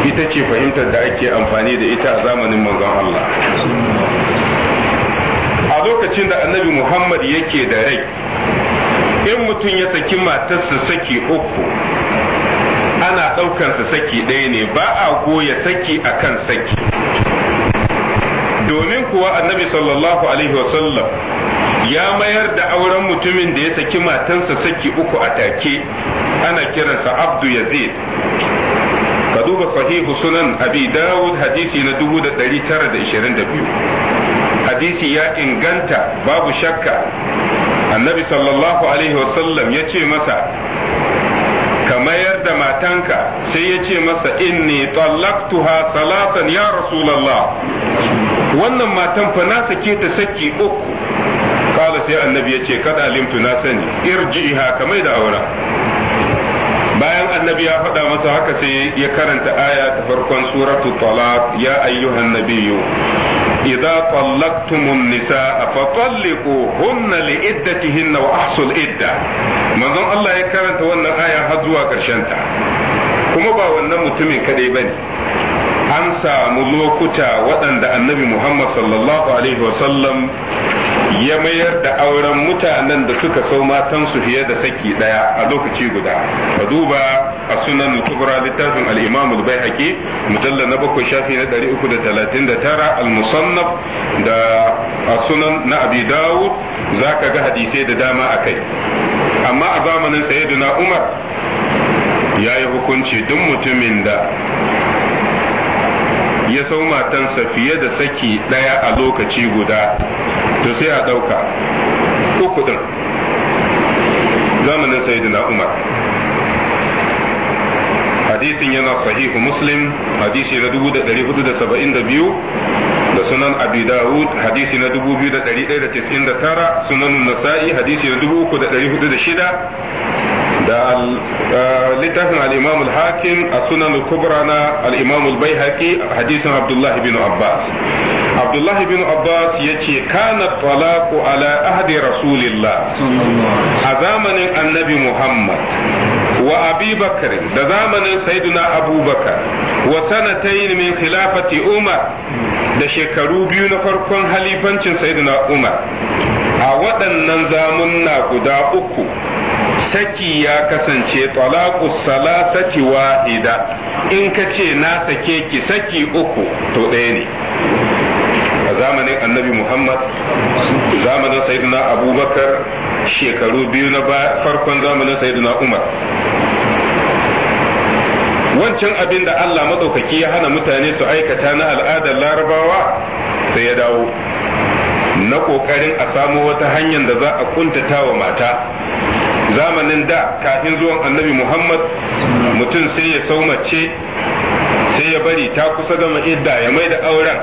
ita ce fahimtar da ake amfani da ita a zamanin manzon Allah a lokacin da annabi Muhammad yake da rai in mutum ya saki matarsa saki uku ana ɗaukansa saki ɗaya ne ba a goya saki akan saki domin kuwa annabi sallallahu alaihi wasallam ya mayar da auren mutumin da ya saki matansa saki uku a take ana kiransa abdu yazid sahihu sunan abi dawud hadisi na 1922 hadisi ya inganta babu shakka annabi sallallahu alaihi wasallam ya ce masa ka mayar da matanka sai ya ce masa inni tallaqtuha salatan ya rasulallah wannan matan fa na sake ta saki uku kala sai annabi ya ce kada alimtu na sani irji'iha ka mai da aura bayan annabi ya faɗa masa haka sai ya karanta aya ta farkon suratu talaq ya ayyuhan nabiyyu idza tallaqtumun nisaa fatalliquhunna liiddatihinna wa ahsul idda manzon Allah ya karanta wannan aya har zuwa karshen ta kuma ba wannan mutumin kadai bane an samu lokuta waɗanda annabi Muhammad sallallahu alaihi sallam. ya mayar da auren mutanen da suka sau matansu fiye da saki daya a lokaci guda ka duba a sunan kubra littafin al-imam al-baihaqi mujalla na bakwai shafi na 339 al-musannaf da a sunan na abi dawud zaka ga hadisai da dama a kai. amma a zamanin sayyidina umar ya yi hukunci duk mutumin da ya sau matansa fiye da saki ɗaya a lokaci guda to sai a ɗauka uku ɗin zamanin sayyidina umar hadisin yana sahihu muslim hadisi na 472 da sunan abi dawud hadisi na 2199 sunan nasa'i hadisi na 3406 da eh, littafin al hakim a sunan kubra na al-imam al-baihaqi hadisin abdullahi bin abbas abdullahi bin abbas ya ce kana talaqu ala ahdi rasulillah a zamanin annabi muhammad wa abi bakar da zamanin sayyidina abubakar wa sanatayn min khilafati umar da shekaru biyu na farkon halifancin sayyidina umar a waɗannan zamunna guda uku saki ya kasance talaku salasati wahida in ka ce na sake ki saki uku to ɗaya ne a zamanin annabi muhammad zamanin sayyidina abubakar shekaru biyu na farkon zamanin sayyidina umar wancan abin da allah maɗaukaki ya hana mutane su aikata na al'adar larabawa sai ya dawo na ƙoƙarin a samo wata hanyar da za a kuntata wa mata zamanin da kafin zuwan annabi muhammad mutum sai ya saumace sai ya bari ta kusa gama idda ya mai da auren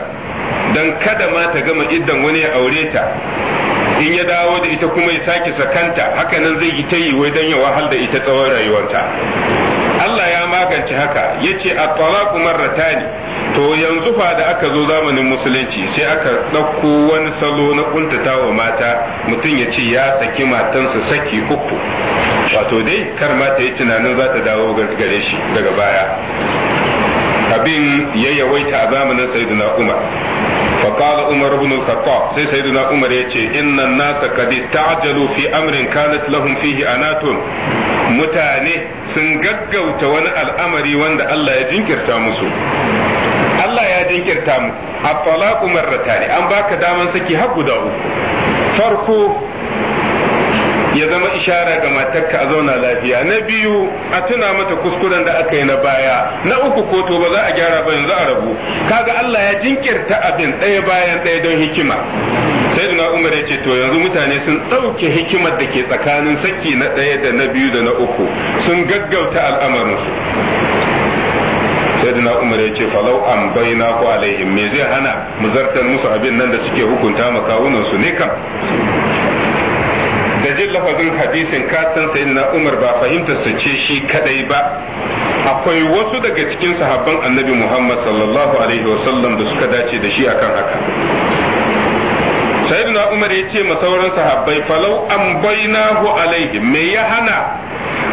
don kada ma ta gama iddan wani ya aure ta in ya dawo da ita kuma ya sake sakanta hakanan zai yi ta yi wai don ya wahal da ita tsawon rayuwarta Allah magance haka yace at-talaqu marratan to yanzu fa da aka zo zamanin musulunci sai aka ɗauko wani salo na kuntatawa mata mutum yace ya saki matansa saki uku wato dai kar mata yi tunanin za ta dawo gare shi daga baya abin ya yawaita a zamanin sayyidina Umar فقال عمر بن الخطاب سي سيدنا عمر يتي إن الناس قد استعجلوا في أمر كانت لهم فيه أنات متاني سنققوت وانا الأمر وانا الله يجنكر تامسو Allah ya jinkirta mu a talaku marrata ne an baka daman saki har guda uku farko ya zama ishara ga matarka a zauna lafiya na biyu a tuna mata kuskuren da aka yi na baya na uku ko to ba za a gyara ba yanzu a rabu kaga Allah ya jinkirta abin ɗaya bayan ɗaya don hikima sai na umar ya ce to yanzu mutane sun ɗauke hikimar da ke tsakanin saki na ɗaya da na biyu da na uku sun gaggauta al'amarin da sayyidina umar ya ce falau an bayyana ku alaihim me zai hana mu zartar musu abin nan da suke hukunta makawunan su ne kam da jin lafazin hadisin kasan sai na umar ba fahimta su ce shi kadai ba akwai wasu daga cikin sahabban annabi muhammad sallallahu alaihi wasallam da suka dace da shi akan haka sayyidina umar ya ce ma sauran sahabbai falau an bainahu alaihi me ya hana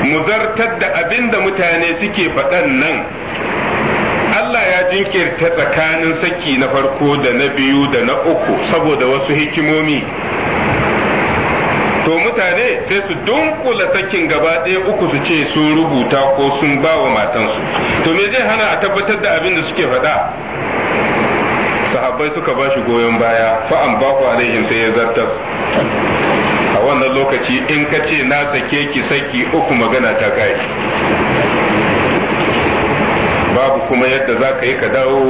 mu zartar da abin da mutane suke faɗan nan Allah ya jinkirta tsakanin saki na farko da na biyu da na uku saboda wasu hikimomi to mutane sai su dunkula sakin gaba ɗaya uku su ce sun rubuta ko sun ba wa matansu to me zai hana a tabbatar da abin da suke faɗa sahabbai suka ba shi goyon baya fa'an ba ku alaihim sai ya zartar a wannan lokaci in ka ce na sake ki saki uku magana ta kai babu kuma yadda za ka yi ka dawo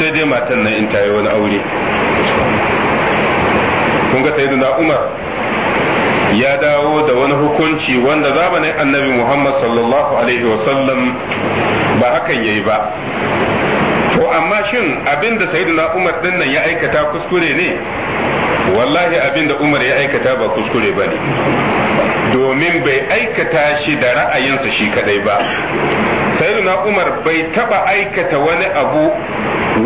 sai dai matan nan in ta yi wani aure kun ga sayyidina umar ya dawo da wani hukunci wanda zamanin annabi Muhammad sallallahu alaihi wasallam ba hakan yayi ba to amma shin abinda sayyidina Umar din nan ya aikata kuskure ne wallahi abinda Umar ya aikata ba kuskure bane domin bai aikata shi da ra'ayinsa shi kadai ba sayyidina Umar bai taba aikata wani abu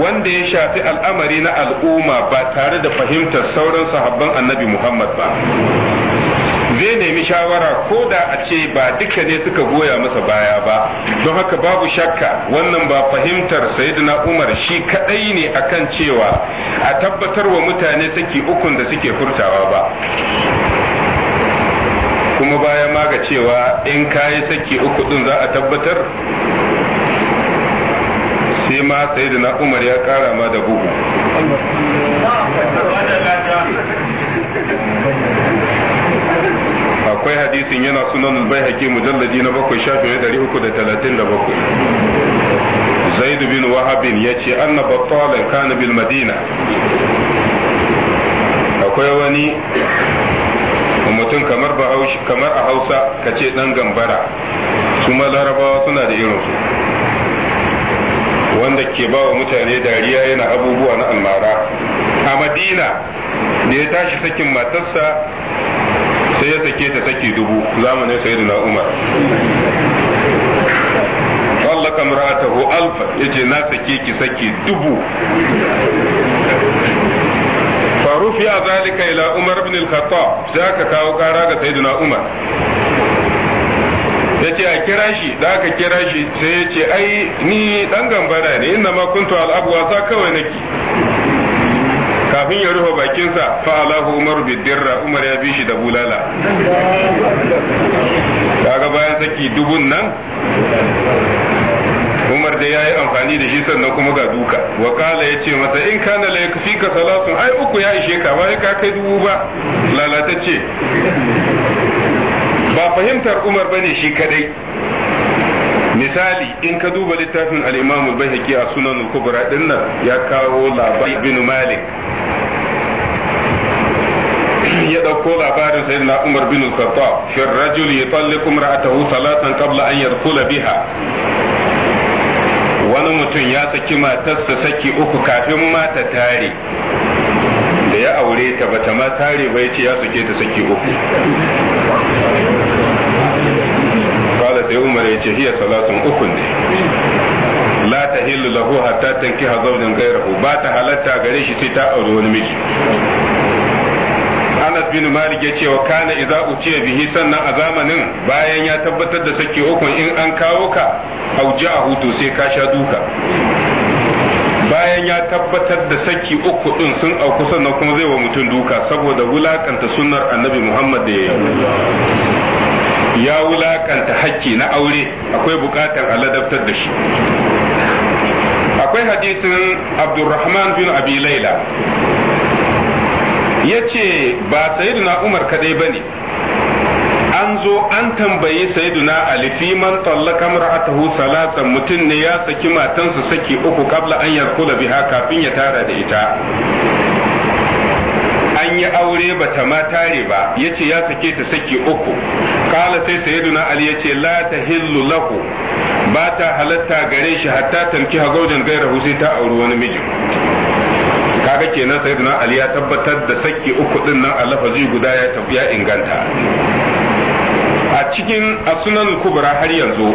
wanda ya shafi al'amari na al'umma ba tare da fahimtar sauran sahabban annabi Muhammad ba zai nemi shawara ko da a ce ba duka ne suka goya masa baya ba don haka babu shakka wannan ba fahimtar sayyidina umar shi kadai ne akan cewa a tabbatar wa mutane saki ukun da suke furtawa ba kuma baya ma ga cewa in kayi saki uku din za a tabbatar sai ma sayyidina umar ya kara ma da bugu akwai hadisin yana sunan baihaqi mujalladi na bakwai shafi bakwai. zaid bin ya yace anna battalan kana bil madina akwai wani mutum kamar kamar a Hausa kace dan gambara su ma larabawa suna da irin su wanda ke ba wa mutane dariya yana abubuwa na almara a madina da ya tashi sakin matarsa sai ya sake ta saki dubu zamanin sayyidina umar طلق امرأته ألفا يجي ناس كيكي سكي دبو فرفع yace a kira shi da aka kira shi sai yace ai ni dan gambara ne inna ma kuntu al abwasa kawai nake kafin ya rufe bakinsa fa alahu umar bidirra umar ya bi shi da bulala kaga bayan saki dubun nan Umar da ya yi amfani da shi sannan kuma ga duka Wakala ya ce masa in kana la yakfi ka salatun ai uku ya ishe ka ba ka kai dubu ba lalatacce ba fahimtar Umar bane shi kadai misali in ka duba littafin al-Imam al bayhaqi a Sunan al-Kubra dinnan ya kawo labari bin Malik ya dauko labarin na Umar bin khattab fi rajul yutalliqu imra'atahu salatan qabla an yadkhula biha wani mutum ya saki matarsa saki uku kafin ma ta tare da ya aure ta bata ma tare ba yace ya suke ta saki uku kala sai Umar yace hiya salatun uku ne la hillu lahu hatta tankiha zawjan ghayrahu ba ta halatta gare shi sai ta aure wani miji Anas bin Malik ya ce wa kana idza uciya bihi sannan a zamanin bayan ya tabbatar da sake hukun in an kawo ka auja hutu sai ka sha duka bayan ya tabbatar da saki uku din sun auku sannan kuma zai wa mutum duka saboda wulakanta sunnar annabi Muhammad da ya ya wulakanta hakki na aure akwai bukatar a ladabtar da shi akwai hadisin Abdurrahman bin Abi Laila yace ba sayyiduna umar kadai bane an zo an tambayi sayyiduna ali fi man tallaka mar'atahu salatan mutum ne ya saki matansa saki uku kabla an yarkula biha kafin ya tara da ita an yi aure ba ta ma tare ba ya ce ya sake ta saki uku kala sai sayyiduna ali ya ce la ta hillu lahu ba ta halatta gare shi hatta tamki ha gairahu sai ta auri wani miji kaga kenan na ali ya tabbatar da sakki uku din nan a lafazi guda ya tafiya inganta a cikin asunan kubra har yanzu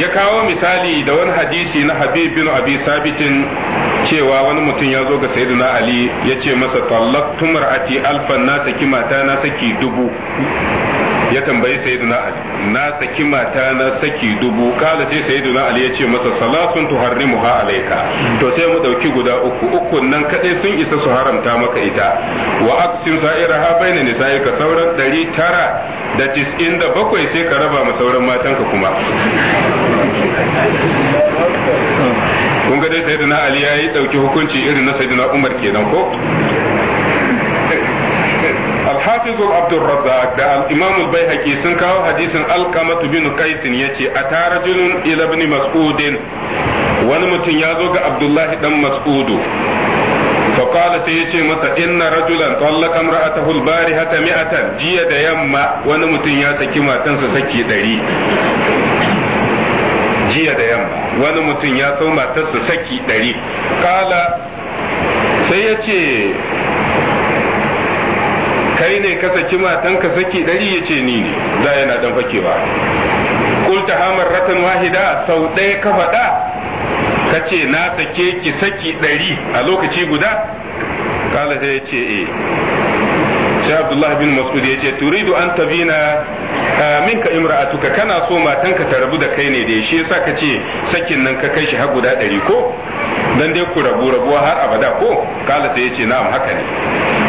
ya kawo misali da wani hadisi na habib bin abi sabitin cewa wani mutum ya zo ga sayyidina ali ya ce masa tallaqtu mar'ati alfan na saki mata na saki dubu ya tambayi sayyiduna ali na saki mata na saki dubu kala sai sayyiduna ali ya ce masa salatun tuharrimuha alayka to sai mu dauki guda uku uku nan kadai sun isa su haramta maka ita wa aqsim sa'iraha baina nisa'ika sauran 997 sai ka raba ma sauran matanka kuma kun ga dai sayyidina ali yayi dauki hukunci irin na sayyidina umar kenan ko الحافظ عبد الرزاق ده الإمام البيهقي سنكاو حديث القمة بن قيس يتي أتى رجل إلى ابن مسعود ونمت يازوك عبد الله بن مسعود فقال سيتي متى إن رجلا طلق امرأته البارحة مئة جي دا يما ونمت ياتكي ما تنسى سكي دري جي دا يما ونمت ياتو ما تنسى سكي دري قال سيتي kai ne ka saki matan ka saki dari ya ce ni ne za yana dan fakewa kulta hamar ratan wahida sau ɗaya ka faɗa ka ce na sake ki saki dari a lokaci guda kala sai ya ce eh sai abdullahi bin mas'ud ya ce turidu an tabina eh, minka imra'atuka kana so matanka ta rabu da kai ne da shi yasa ka ce sakin nan ka kai shi har guda ɗari ko dan dai ku rabu rabuwa har abada ko kala sai yace na'am haka ne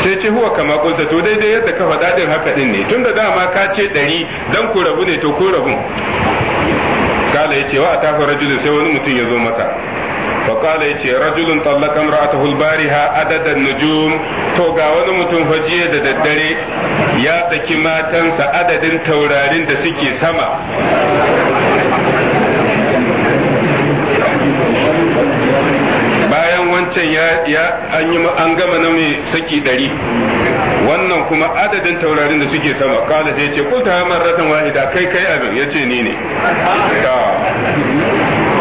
sai ce huwa kama kunta to daidai yadda ka faɗa din haka din ne tunda dama ka ce ɗari dan ku rabu ne to ku rabu kala yace wa atafa rajulun sai wani mutum ya zo masa فقال يتي رجل طلق امرأته البارحة عدد nujum to ga wani mutum fajiye da daddare ya saki matansa adadin taurarin da suke sama wancan ya an yi an gama na mai saki ɗari wannan kuma adadin taurarin da suke sama kala sai ce kulta ratan wahida kai kai abin ce ni ne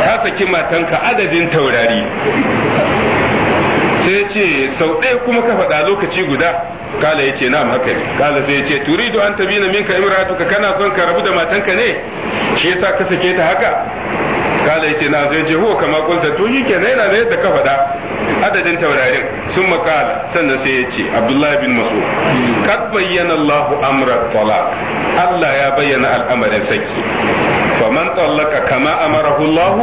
ka saki matanka adadin taurari sai ce sau ɗaya kuma ka faɗa lokaci guda kala ya ce na haka ne kala sai ya ce turidu an tabi na minka imratuka kana son ka rabu da matanka ne shi yasa ka sake ta haka kala yake na zai je kama kulta to shi kenan yana da yadda ka faɗa adadin taurarin sun makala sannan sai ya ce abdullahi bin mas'ud kad bayyana Allahu amra talaq Allah ya bayyana al'amarin saki faman tsallaka kama amarahu Allahu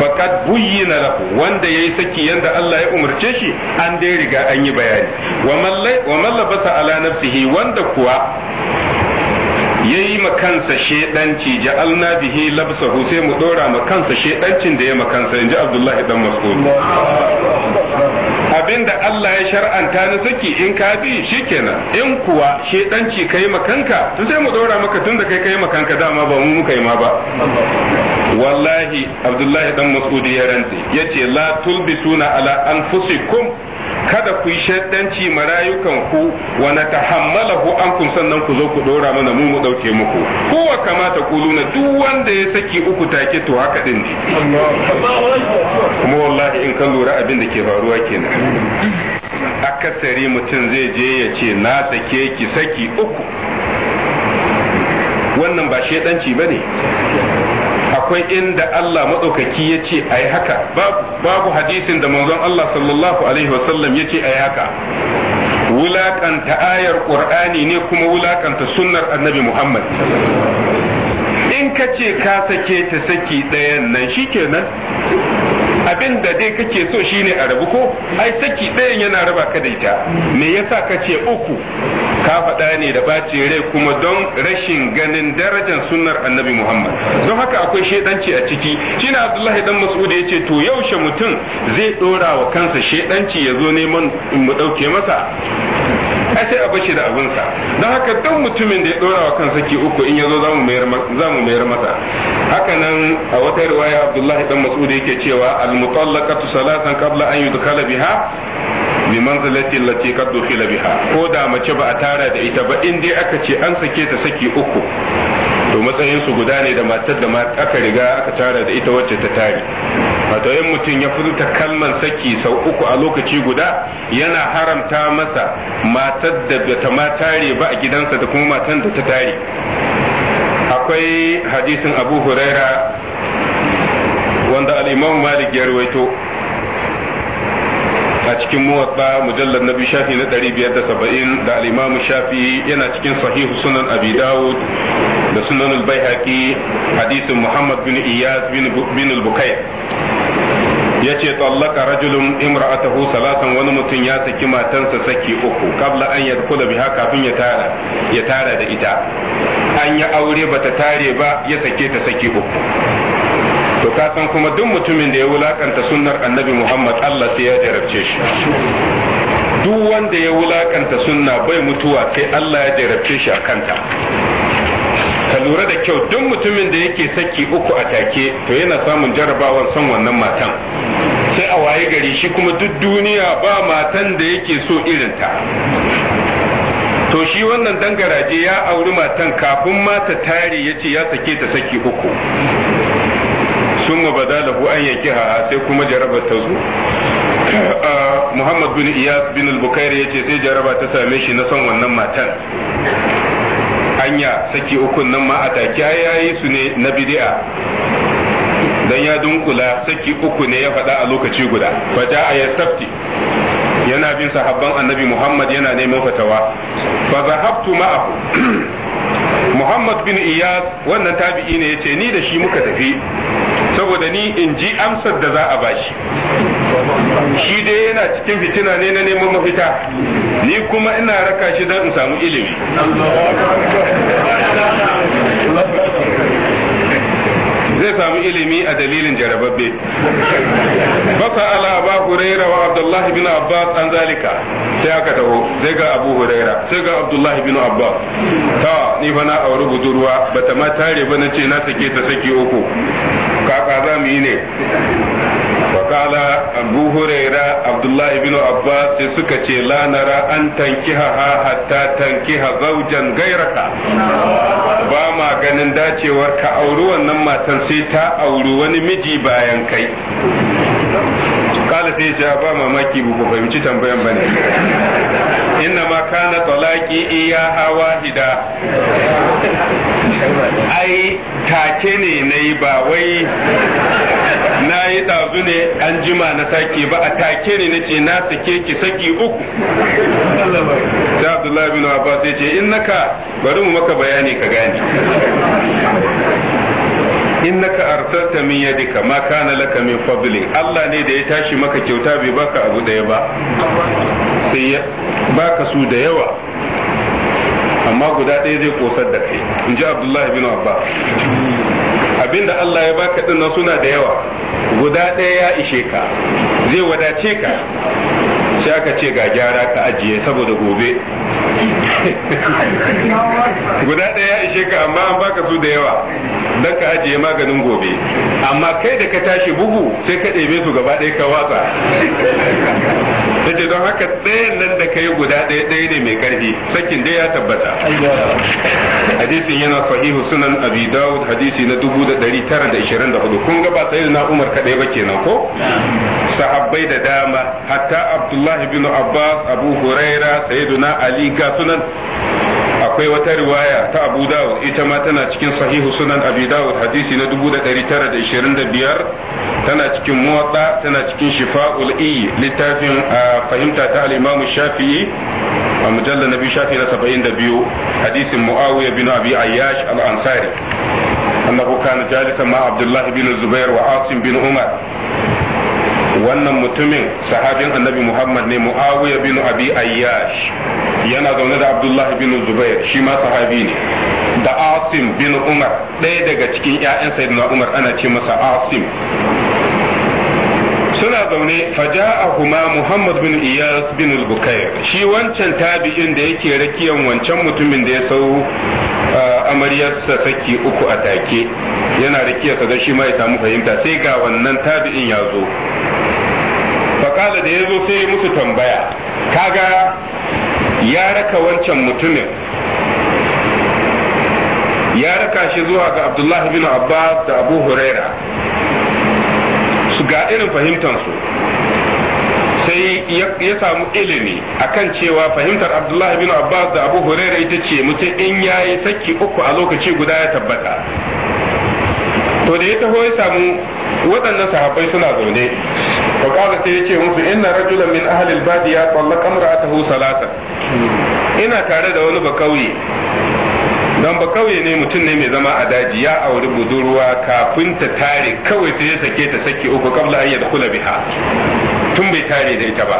faqad buyyina lahu wanda yayi saki yanda Allah ya umarce shi an dai riga an yi bayani wa man labasa ala nafsihi wanda kuwa yayi makansa shedanci ja'alna bihi labsahu sai mu dora makansa shedancin da ya makansa inji Abdullahi dan Mas'ud abinda Allah ya shar'anta na saki in ka bi shikenan in kuwa shedanci kai makanka to sai mu dora maka tun da kai kai makanka dama ba mu muka ma ba wallahi Abdullahi dan Mas'ud ya rantsi yace la tulbisuna ala anfusikum kada ku yi shaddanci marayukan ku wa na tahammalahu kun sannan ku zo ku dora mana mu mu dauke muku kowa kamata kuluna duk wanda ya saki uku take to haka din ne kuma wallahi in ka lura abin da ke faruwa kenan akasari mutum zai je ya ce na sake ki saki uku wannan ba shaddanci bane akwai inda Allah maɗaukaki ya ce a haka babu hadisin da manzon Allah sallallahu alaihi wasallam ya ce a haka wulakanta ayar ƙur'ani ne kuma wulakanta sunnar annabi Muhammad in ka ce ka sake ta saki ɗayan nan shikenan abin da dai kake so shine a rabu ko ai saki ɗayan yana raba ka da ita me yasa ka ce uku ka faɗa ne da ɓaci rai kuma don rashin ganin darajar sunnar annabi Muhammad don haka akwai shaidanci a ciki shine Abdullahi dan Mas'ud ce to yaushe mutum zai ɗora wa kansa shaidanci ya zo neman mu ɗauke masa ai sai a bashi da abinsa don haka duk mutumin da ya ɗora wa kansa ke uku in ya zo zamu mayar masa haka nan a wata riwaya Abdullahi dan Mas'ud yake cewa al-mutallaqatu salatan qabla an yudkhala biha bi manzilati allati dukhila biha ko da mace ba a tara da ita ba in dai aka ce an sake ta saki uku to matsayin su guda ne da matar da aka riga aka tara da ita wacce ta tare wato in mutum ya furta kalman saki sau uku a lokaci guda yana haramta masa matar da bata ma ba a gidansa da kuma matan da ta tare akwai hadisin abu huraira wanda al'imamu malik ya rawaito A cikin muwatta mujallar nabi shafi na 570 da al-imam shafi yana cikin sahihu sunan abi dawud da sunan al hadisin muhammad bin iyaz bin al-bukayr ce tsallaka rajulun imra'atahu salatan wani mutum ya saki matansa saki uku kabla an yadkhula biha kafin ya tara ya tara da ita an yi aure bata tare ba ya sake ta saki uku to ka san kuma duk mutumin da ya wulakanta sunnar annabi Muhammad Allah sai ya jarabce shi duk wanda ya wulakanta sunna bai mutuwa sai Allah ya jarabce shi a kanta ka lura da kyau duk mutumin da yake saki uku a take to yana samun jarabawan son wannan matan sai a waye gari shi kuma duk duniya ba matan da yake so irinta to shi wannan dangaraje ya auri matan kafin mata tari tare ya ce ya sake ta saki uku sun wa bada lahu an yaki ha sai kuma jarabar ta zo Muhammad bin Iyas bin al-Bukairi yace sai jaraba ta same shi na son wannan matan anya saki ukun nan ma ataki yayi su ne na bid'a dan ya dunkula saki uku ne ya faɗa a lokaci guda fata a yastafti yana bin sahabban annabi Muhammad yana neman fatawa fa zahabtu ma'ahu Muhammad bin Iyad wannan tabi'i ne yace ni da shi muka tafi saboda ni in ji amsar da za a bashi shi dai yana cikin fitina ne na neman mafita ni kuma ina raka shi don in samu ilimi zai samu ilimi a dalilin jarababbe baka ala abu huraira wa abdullahi bin abbas an zalika sai aka taho sai ga abu huraira sai ga abdullahi bin abbas ta ni bana na auri budurwa bata ma tare ba na ce na sake ta saki uku kaka za mu yi ne faƙala abu huraira abdullahi bin abbas sai suka ce la nara an tanki ha ha hatta ha zaujan gairaka ba ma ganin dacewar ka auri wannan matan sai ta auri wani miji bayan kai kala sai ya ba mamaki ba ku fahimci tambayan bane. ne inna ma kana talaqi iya hida ai take ne na yi ba wai na yi ɗazu ne an jima na sake ba a take ne na ce na sake ki saki uku sai abdullahi bin abbas ya ce in naka bari mu maka bayani ka gane naka arsalta min yadika ma kana laka min fadli Allah ne da ya tashi maka kyauta bai baka abu daya ba sai baka su da yawa amma guda ɗaya zai kosar da kai in ji abdullahi bin Abba abinda Allah ya baka dinnan suna da yawa guda ɗaya ya ishe ka zai wadace ka sai aka ce ga gyara ka ajiye saboda gobe guda ɗaya ya ishe ka amma an baka su da yawa don ka ajiye maganin gobe amma kai da ka tashi bugu sai ka ɗebe su gaba ɗaya ka watsa yace don haka ɗayan nan da kai guda ɗaya ɗaya ne mai karfi sakin dai ya tabbata hadisin yana sahihu sunan abi dawud hadisi na 1924 kun ga ba sai na umar kadai ba kenan ko sahabbai da dama hatta abdullahi bin abbas abu huraira sayyiduna ali ga sunan akwai wata riwaya ta Abu Dawud ita ma tana cikin sahihu sunan Abi Dawud hadisi na 1925 tana cikin Muwatta tana cikin Shifa'ul Iyi littafin fahimta ta al-Imam Shafi'i a mujallal Nabi Shafi'i na 72 hadisin Muawiya bin Abi Ayyash al-Ansari annahu kana jalisan ma Abdullah bin Zubair wa Asim bin Umar wannan mutumin sahabin annabi muhammad ne muawiya bin abi ayyash yana zaune da abdullah bin zubair shi ma sahabi ne da asim bin umar ɗaya daga cikin ƴaƴan sayyidina umar ana ce masa asim suna zaune faja'ahuma Muhammad bin Iyas bin bukair shi wancan tabi'in da yake rakiyan wancan mutumin da ya sau uh, amaryarsa saki uku a take yana rakiyarsa da shi ma ya samu fahimta sai ga wannan tabi'in ya zo kala da ya zo sai ya musu tambaya kaga ya raka wancan mutumin ya raka shi zuwa ga abdullahi bin abbas da abu huraira su ga irin fahimtansu sai ya samu ilimi akan cewa fahimtar abdullahi bin abbas da abu huraira ita ce mutum in ya yi saki uku a lokaci guda ya tabbata to da ya taho ya samu waɗannan sahabbai suna zaune فقال qala sai yace إن inna من أهل ahli al-badiya tallaqa إنا salata ina tare da wani kawai ne mutum ne mai zama a daji ya auri budurwa kafin ta tare kawai sai ya sake ta sake uku kabla an yadkhula biha tun bai tare da ita ba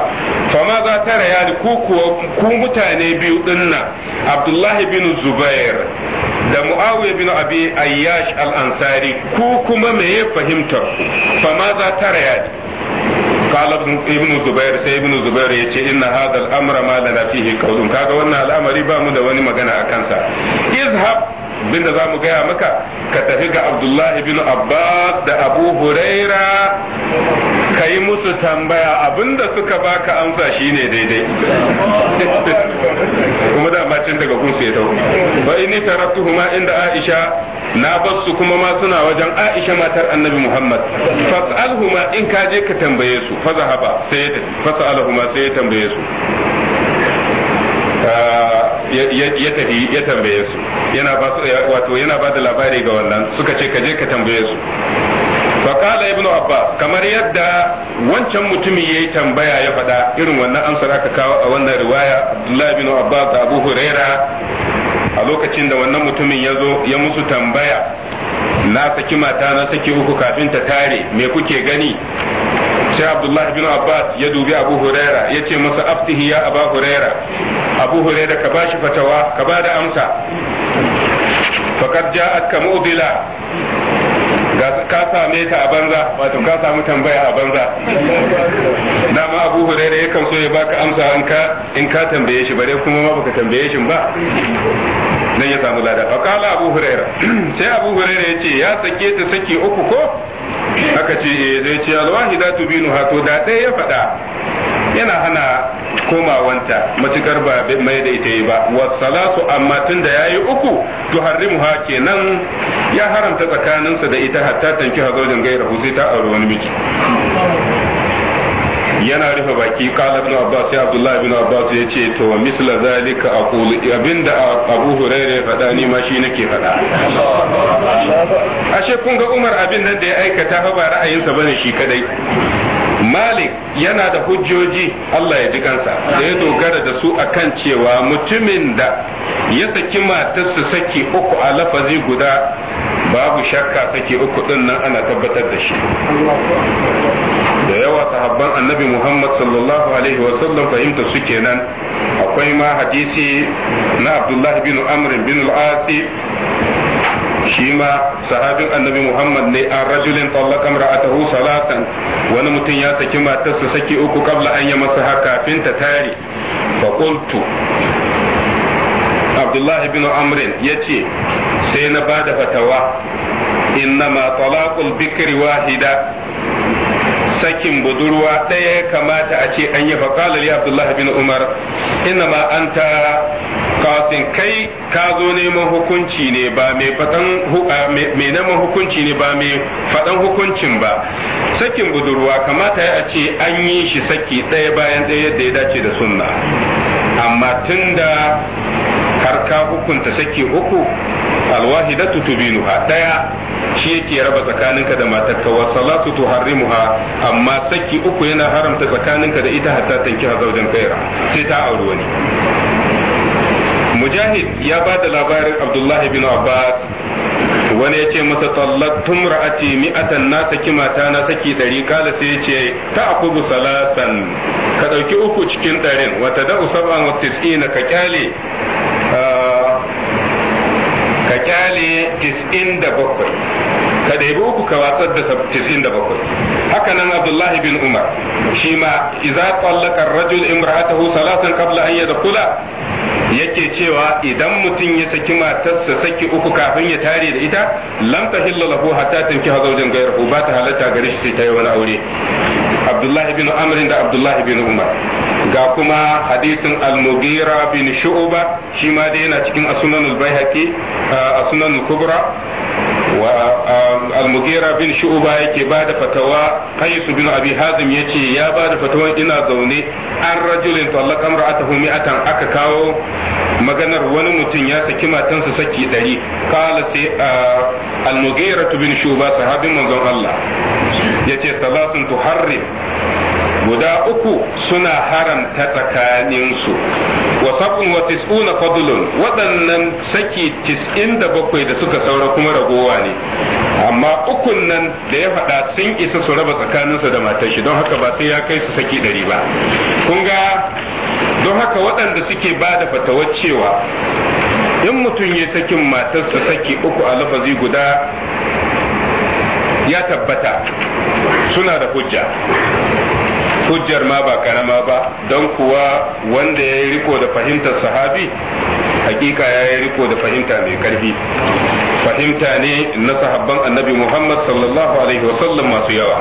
fama za ta raya ku kuwa ku mutane biyu dinna abdullahi bin zubair da muawiya bin abi ayyash al-ansari ku kuma me ya fahimtar fama za ta raya qala ibnu zubair sai ibnu zubair yace inna hadha al-amra ma lana fihi kaga wannan al'amari ba mu da wani magana akan sa izhab abinda za mu gaya maka ka tafi ga abdullahi bin abbas da abu huraira ka yi musu tambaya abinda suka baka amsa shine daidai kuma da macin daga kun ya tau wa inni taraktuhuma inda aisha na basu kuma ma suna wajen aisha matar annabi muhammad fas'alhuma in ka je ka tambaye su fa zahaba sai ya tafi fas'alhuma sai ya tambaye su ah, ya tafi ya tambaye su yana ba wato yana ba da labari ga wannan suka ce ka je ka tambaye su faqala ibnu abbas kamar yadda wancan mutumin yayi tambaya ya faɗa irin wannan amsar aka kawo a wannan riwaya abdullahi ibn abbas da abu huraira a lokacin da wannan mutumin ya zo ya musu tambaya na saki mata na saki uku kafin ta tare me kuke gani sai abdullah bin abbas ya dubi abu huraira ya ce masa aftihi ya abu huraira abu huraira ka bashi fatawa ka ba da amsa faqad ja'atka mu'dila ka same ta a banza wato ka samu tambaya a banza dama abu huraira yakan so ya baka amsa in ka in ka tambaye shi bare kuma ma baka tambaye shi ba Nan ya samu lada fakala abu huraira sai abu huraira ce ya sake ta saki uku ko aka ce eh zai ce alwahida ha to da ɗaya ya faɗa yana hana komawanta matukar ba mai da ita yi ba wa salatu amma tun da yayi uku to ha kenan ya haramta tsakaninsa da ita hatta tanki hazojin gaira sai ta aure wani miki. yana rufe baki kala ibn abbas ya abdullahi ibn abbas yace to misla zalika aqulu abinda abu hurairah faɗa ni ma shi nake faɗa ashe kun ga umar abin da ya aikata fa ba ra'ayinsa bane shi kadai Malik yana da hujjoji Allah ya ji kansa da ya dogara da su akan cewa mutumin da ya saki matarsa saki uku a lafazi guda babu shakka saki uku din nan ana tabbatar da shi da yawa sahabban annabi Muhammad sallallahu alaihi wasallam fahimta su kenan akwai ma hadisi na abdullahi bin amrin bin al shi ma sahabin annabi Muhammad ne an rajulin tallaka ra'atahu salatan wani mutum ya saki matarsa saki uku kabla an yi masa haka kafin ta tare fa qultu Abdullah bin ya ce sai na bada fatawa innama talaqul bikri wahida sakin budurwa ɗaya kamata a ce an yi faƙala li Abdullah bin Umar inna ma anta qasin kai ka zo neman hukunci ne ba mai fadan mai neman hukunci ne ba mai fadan hukuncin ba sakin budurwa kamata a ce an yi shi saki ɗaya bayan ɗaya yadda ya dace da sunna amma tunda har ka hukunta saki uku alwahidatu tubinuha daya shi yake raba tsakaninka da matarka wa salatu tuharrimuha amma saki uku yana haramta tsakaninka da ita hatta tanki hazaujan kaira sai ta auri wani mujahid ya ba da labarin abdullahi bin abbas wani ya ce masa tallattun ra'ati mi'atan na saki mata na saki ɗari kala sai ya ce ta akubu salatan ka ɗauki uku cikin ɗarin wata da'u sab'an wa tis'ina ka kyale kyale 97 ka ɗebi uku ka watsar da 97 haka nan abdullahi bin umar shi ma idza tallaka rajul imra'atahu salatan qabla an kula yake cewa idan mutum ya saki matarsa saki uku kafin ya tare da ita lam tahillu ko hatta tankiha zawjan ghayrahu ba ta halatta gare shi sai ta yi wani aure abdullahi bin amr da abdullahi bin umar ga kuma hadisin al bin shu'ba shima da yana cikin as-sunan al-baihaqi as-sunan kubra wa bin shu'ba yake bada da fatawa qais bin abi hazim yace ya ba da fatawa ina zaune an rajulin talaqa imra'atahu mi'atan aka kawo maganar wani mutum ya saki matansa saki ɗari kala sai al-mughira bin shuba sahabin manzon Allah yace salatun tuharrim guda uku suna haramta tsakaninsu wa sab'un wa tis'una fadlun waɗannan saki tis'in da bakwai da suka saura kuma ragowa ne amma ukun nan da ya faɗa sun isa su raba tsakaninsu da matar don haka ba sai ya kai su saki ɗari ba kun ga don haka waɗanda suke ba da fatawar cewa in mutum ya sakin matarsa saki uku a lafazi guda ya tabbata suna da hujja hujjar ma ba karama ba don kuwa wanda ya yi riko da fahimtar sahabi hakika ya yi riko da fahimta mai karfi fahimta ne na sahabban annabi Muhammad sallallahu alaihi wasallam masu yawa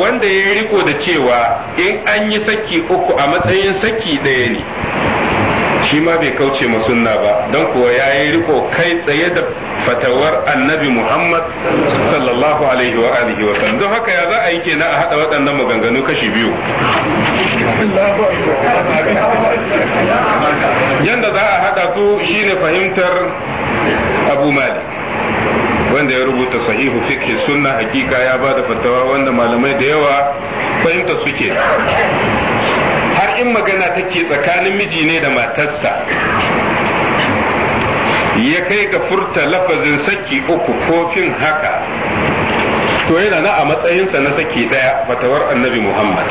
wanda ya yi riko da cewa in an yi saki uku a matsayin sakki ɗaya ne shi ma bai kauce ma sunna ba don kuwa ya yi riko kai tsaye da fatawar annabi muhammad sallallahu alaihi wa alihi wa sallam don haka ya za a yi kenan a haɗa waɗannan maganganu kashi biyu yanda za a haɗa su shine fahimtar abu mali. wanda ya rubuta sahihu fiqh sunna hakika ya ba da fatawa wanda malamai da yawa fahimta suke in magana take tsakanin miji ne da matarsa ya kai ga furta lafazin saki uku ko fin haka to yana na a matsayinsa na saki daya fatawar annabi muhammad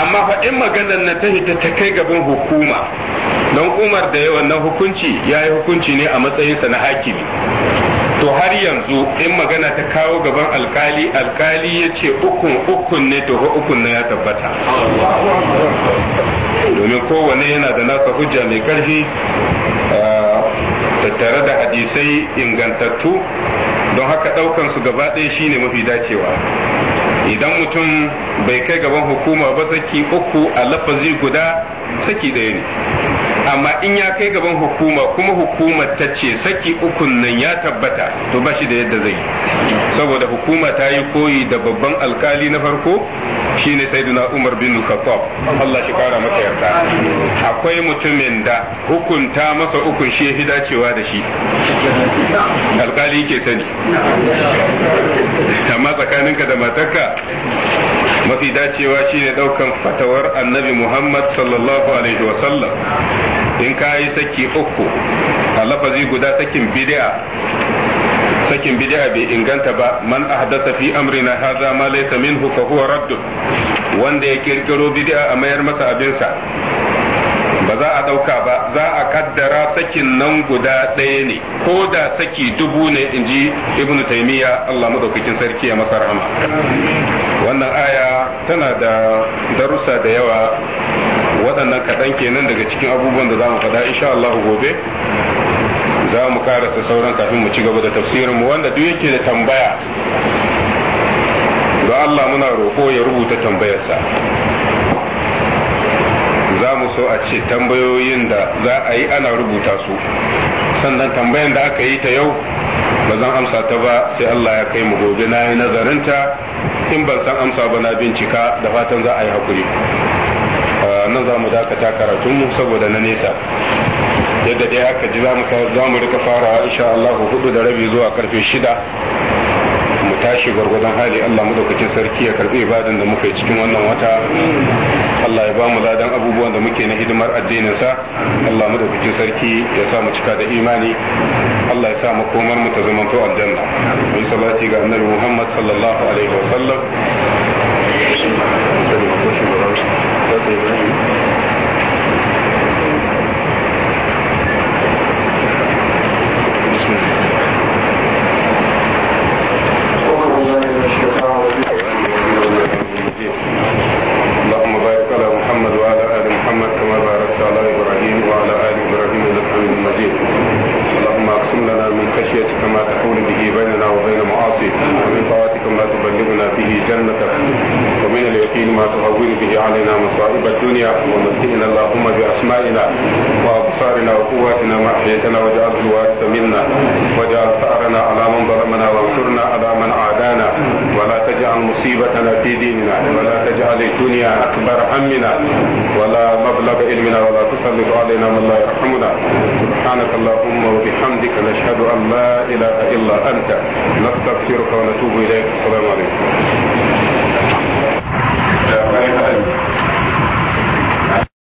amma fa in maganar na ta hita ta kai gaban hukuma don umar da yawan na hukunci ya yi hukunci ne a matsayinsa na hakimi to har yanzu in magana ta kawo gaban alkali alkali ya ce ukun ukun ne to ukun ne ya tabbata domin kowane yana da nasa hujja mai karfi eh, tattare da hadisai ingantattu don haka daukan su gaba ɗaya shine mafi dacewa idan mutum bai kai gaban hukuma ba saki uku a lafazi guda saki ɗaya ne amma in ya kai gaban hukuma kuma hukumar ta ce saki ukun nan ya tabbata to ba shi da yadda zai saboda hukuma ta yi koyi da babban alkali na farko shine sayyidina Umar bin Khattab Allah shi kara masa yarda akwai mutumin da hukunta masa ukun shi ya dacewa da shi alkali ke sani amma tsakaninka da matarka mafi dacewa shine daukan fatawar annabi Muhammad sallallahu alaihi wa sallam in ka yi saki uku a lafazi guda sakin bid'a sakin bid'a bai inganta ba man ahdatha fi amrina hadha ma laysa minhu fa huwa radd wanda ya kirkiro bid'a a mayar masa abinsa ba za a dauka ba za a kaddara sakin nan guda ɗaya ne ko da saki dubu ne inji ibn taymiya Allah madaukakin sarki ya masa rahama wannan aya tana da darussa da yawa waɗannan kaɗan kenan daga cikin abubuwan da za mu faɗa insha Allah gobe za mu karasa sauran kafin mu ci gaba da tafsirin mu wanda duk yake da tambaya don Allah muna roƙo ya rubuta tambayarsa za mu so a ce tambayoyin da za a yi ana rubuta su sannan tambayan da aka yi ta yau ba zan amsa ta ba sai Allah ya kai mu gobe na yi nazarinta in ban san amsa ba na bincika da fatan za a yi hakuri nan za mu dakata mu saboda na nesa yadda dai aka ji za mu rika farawa insha Allah hudu da rabi zuwa karfe shida mu tashi gwargwadon hali Allah madaukakin sarki ya karbi ibadan da muka yi cikin wannan wata Allah ya ba mu ladan abubuwan da muke na hidimar addinin sa Allah madaukakin sarki ya sa mu cika da imani Allah ya sa mu komar mu ta zama to aljanna mun salati ga annabi Muhammad sallallahu alaihi wa sallam أن لا إله إلا أنت نستغفرك ونتوب إليك السلام عليكم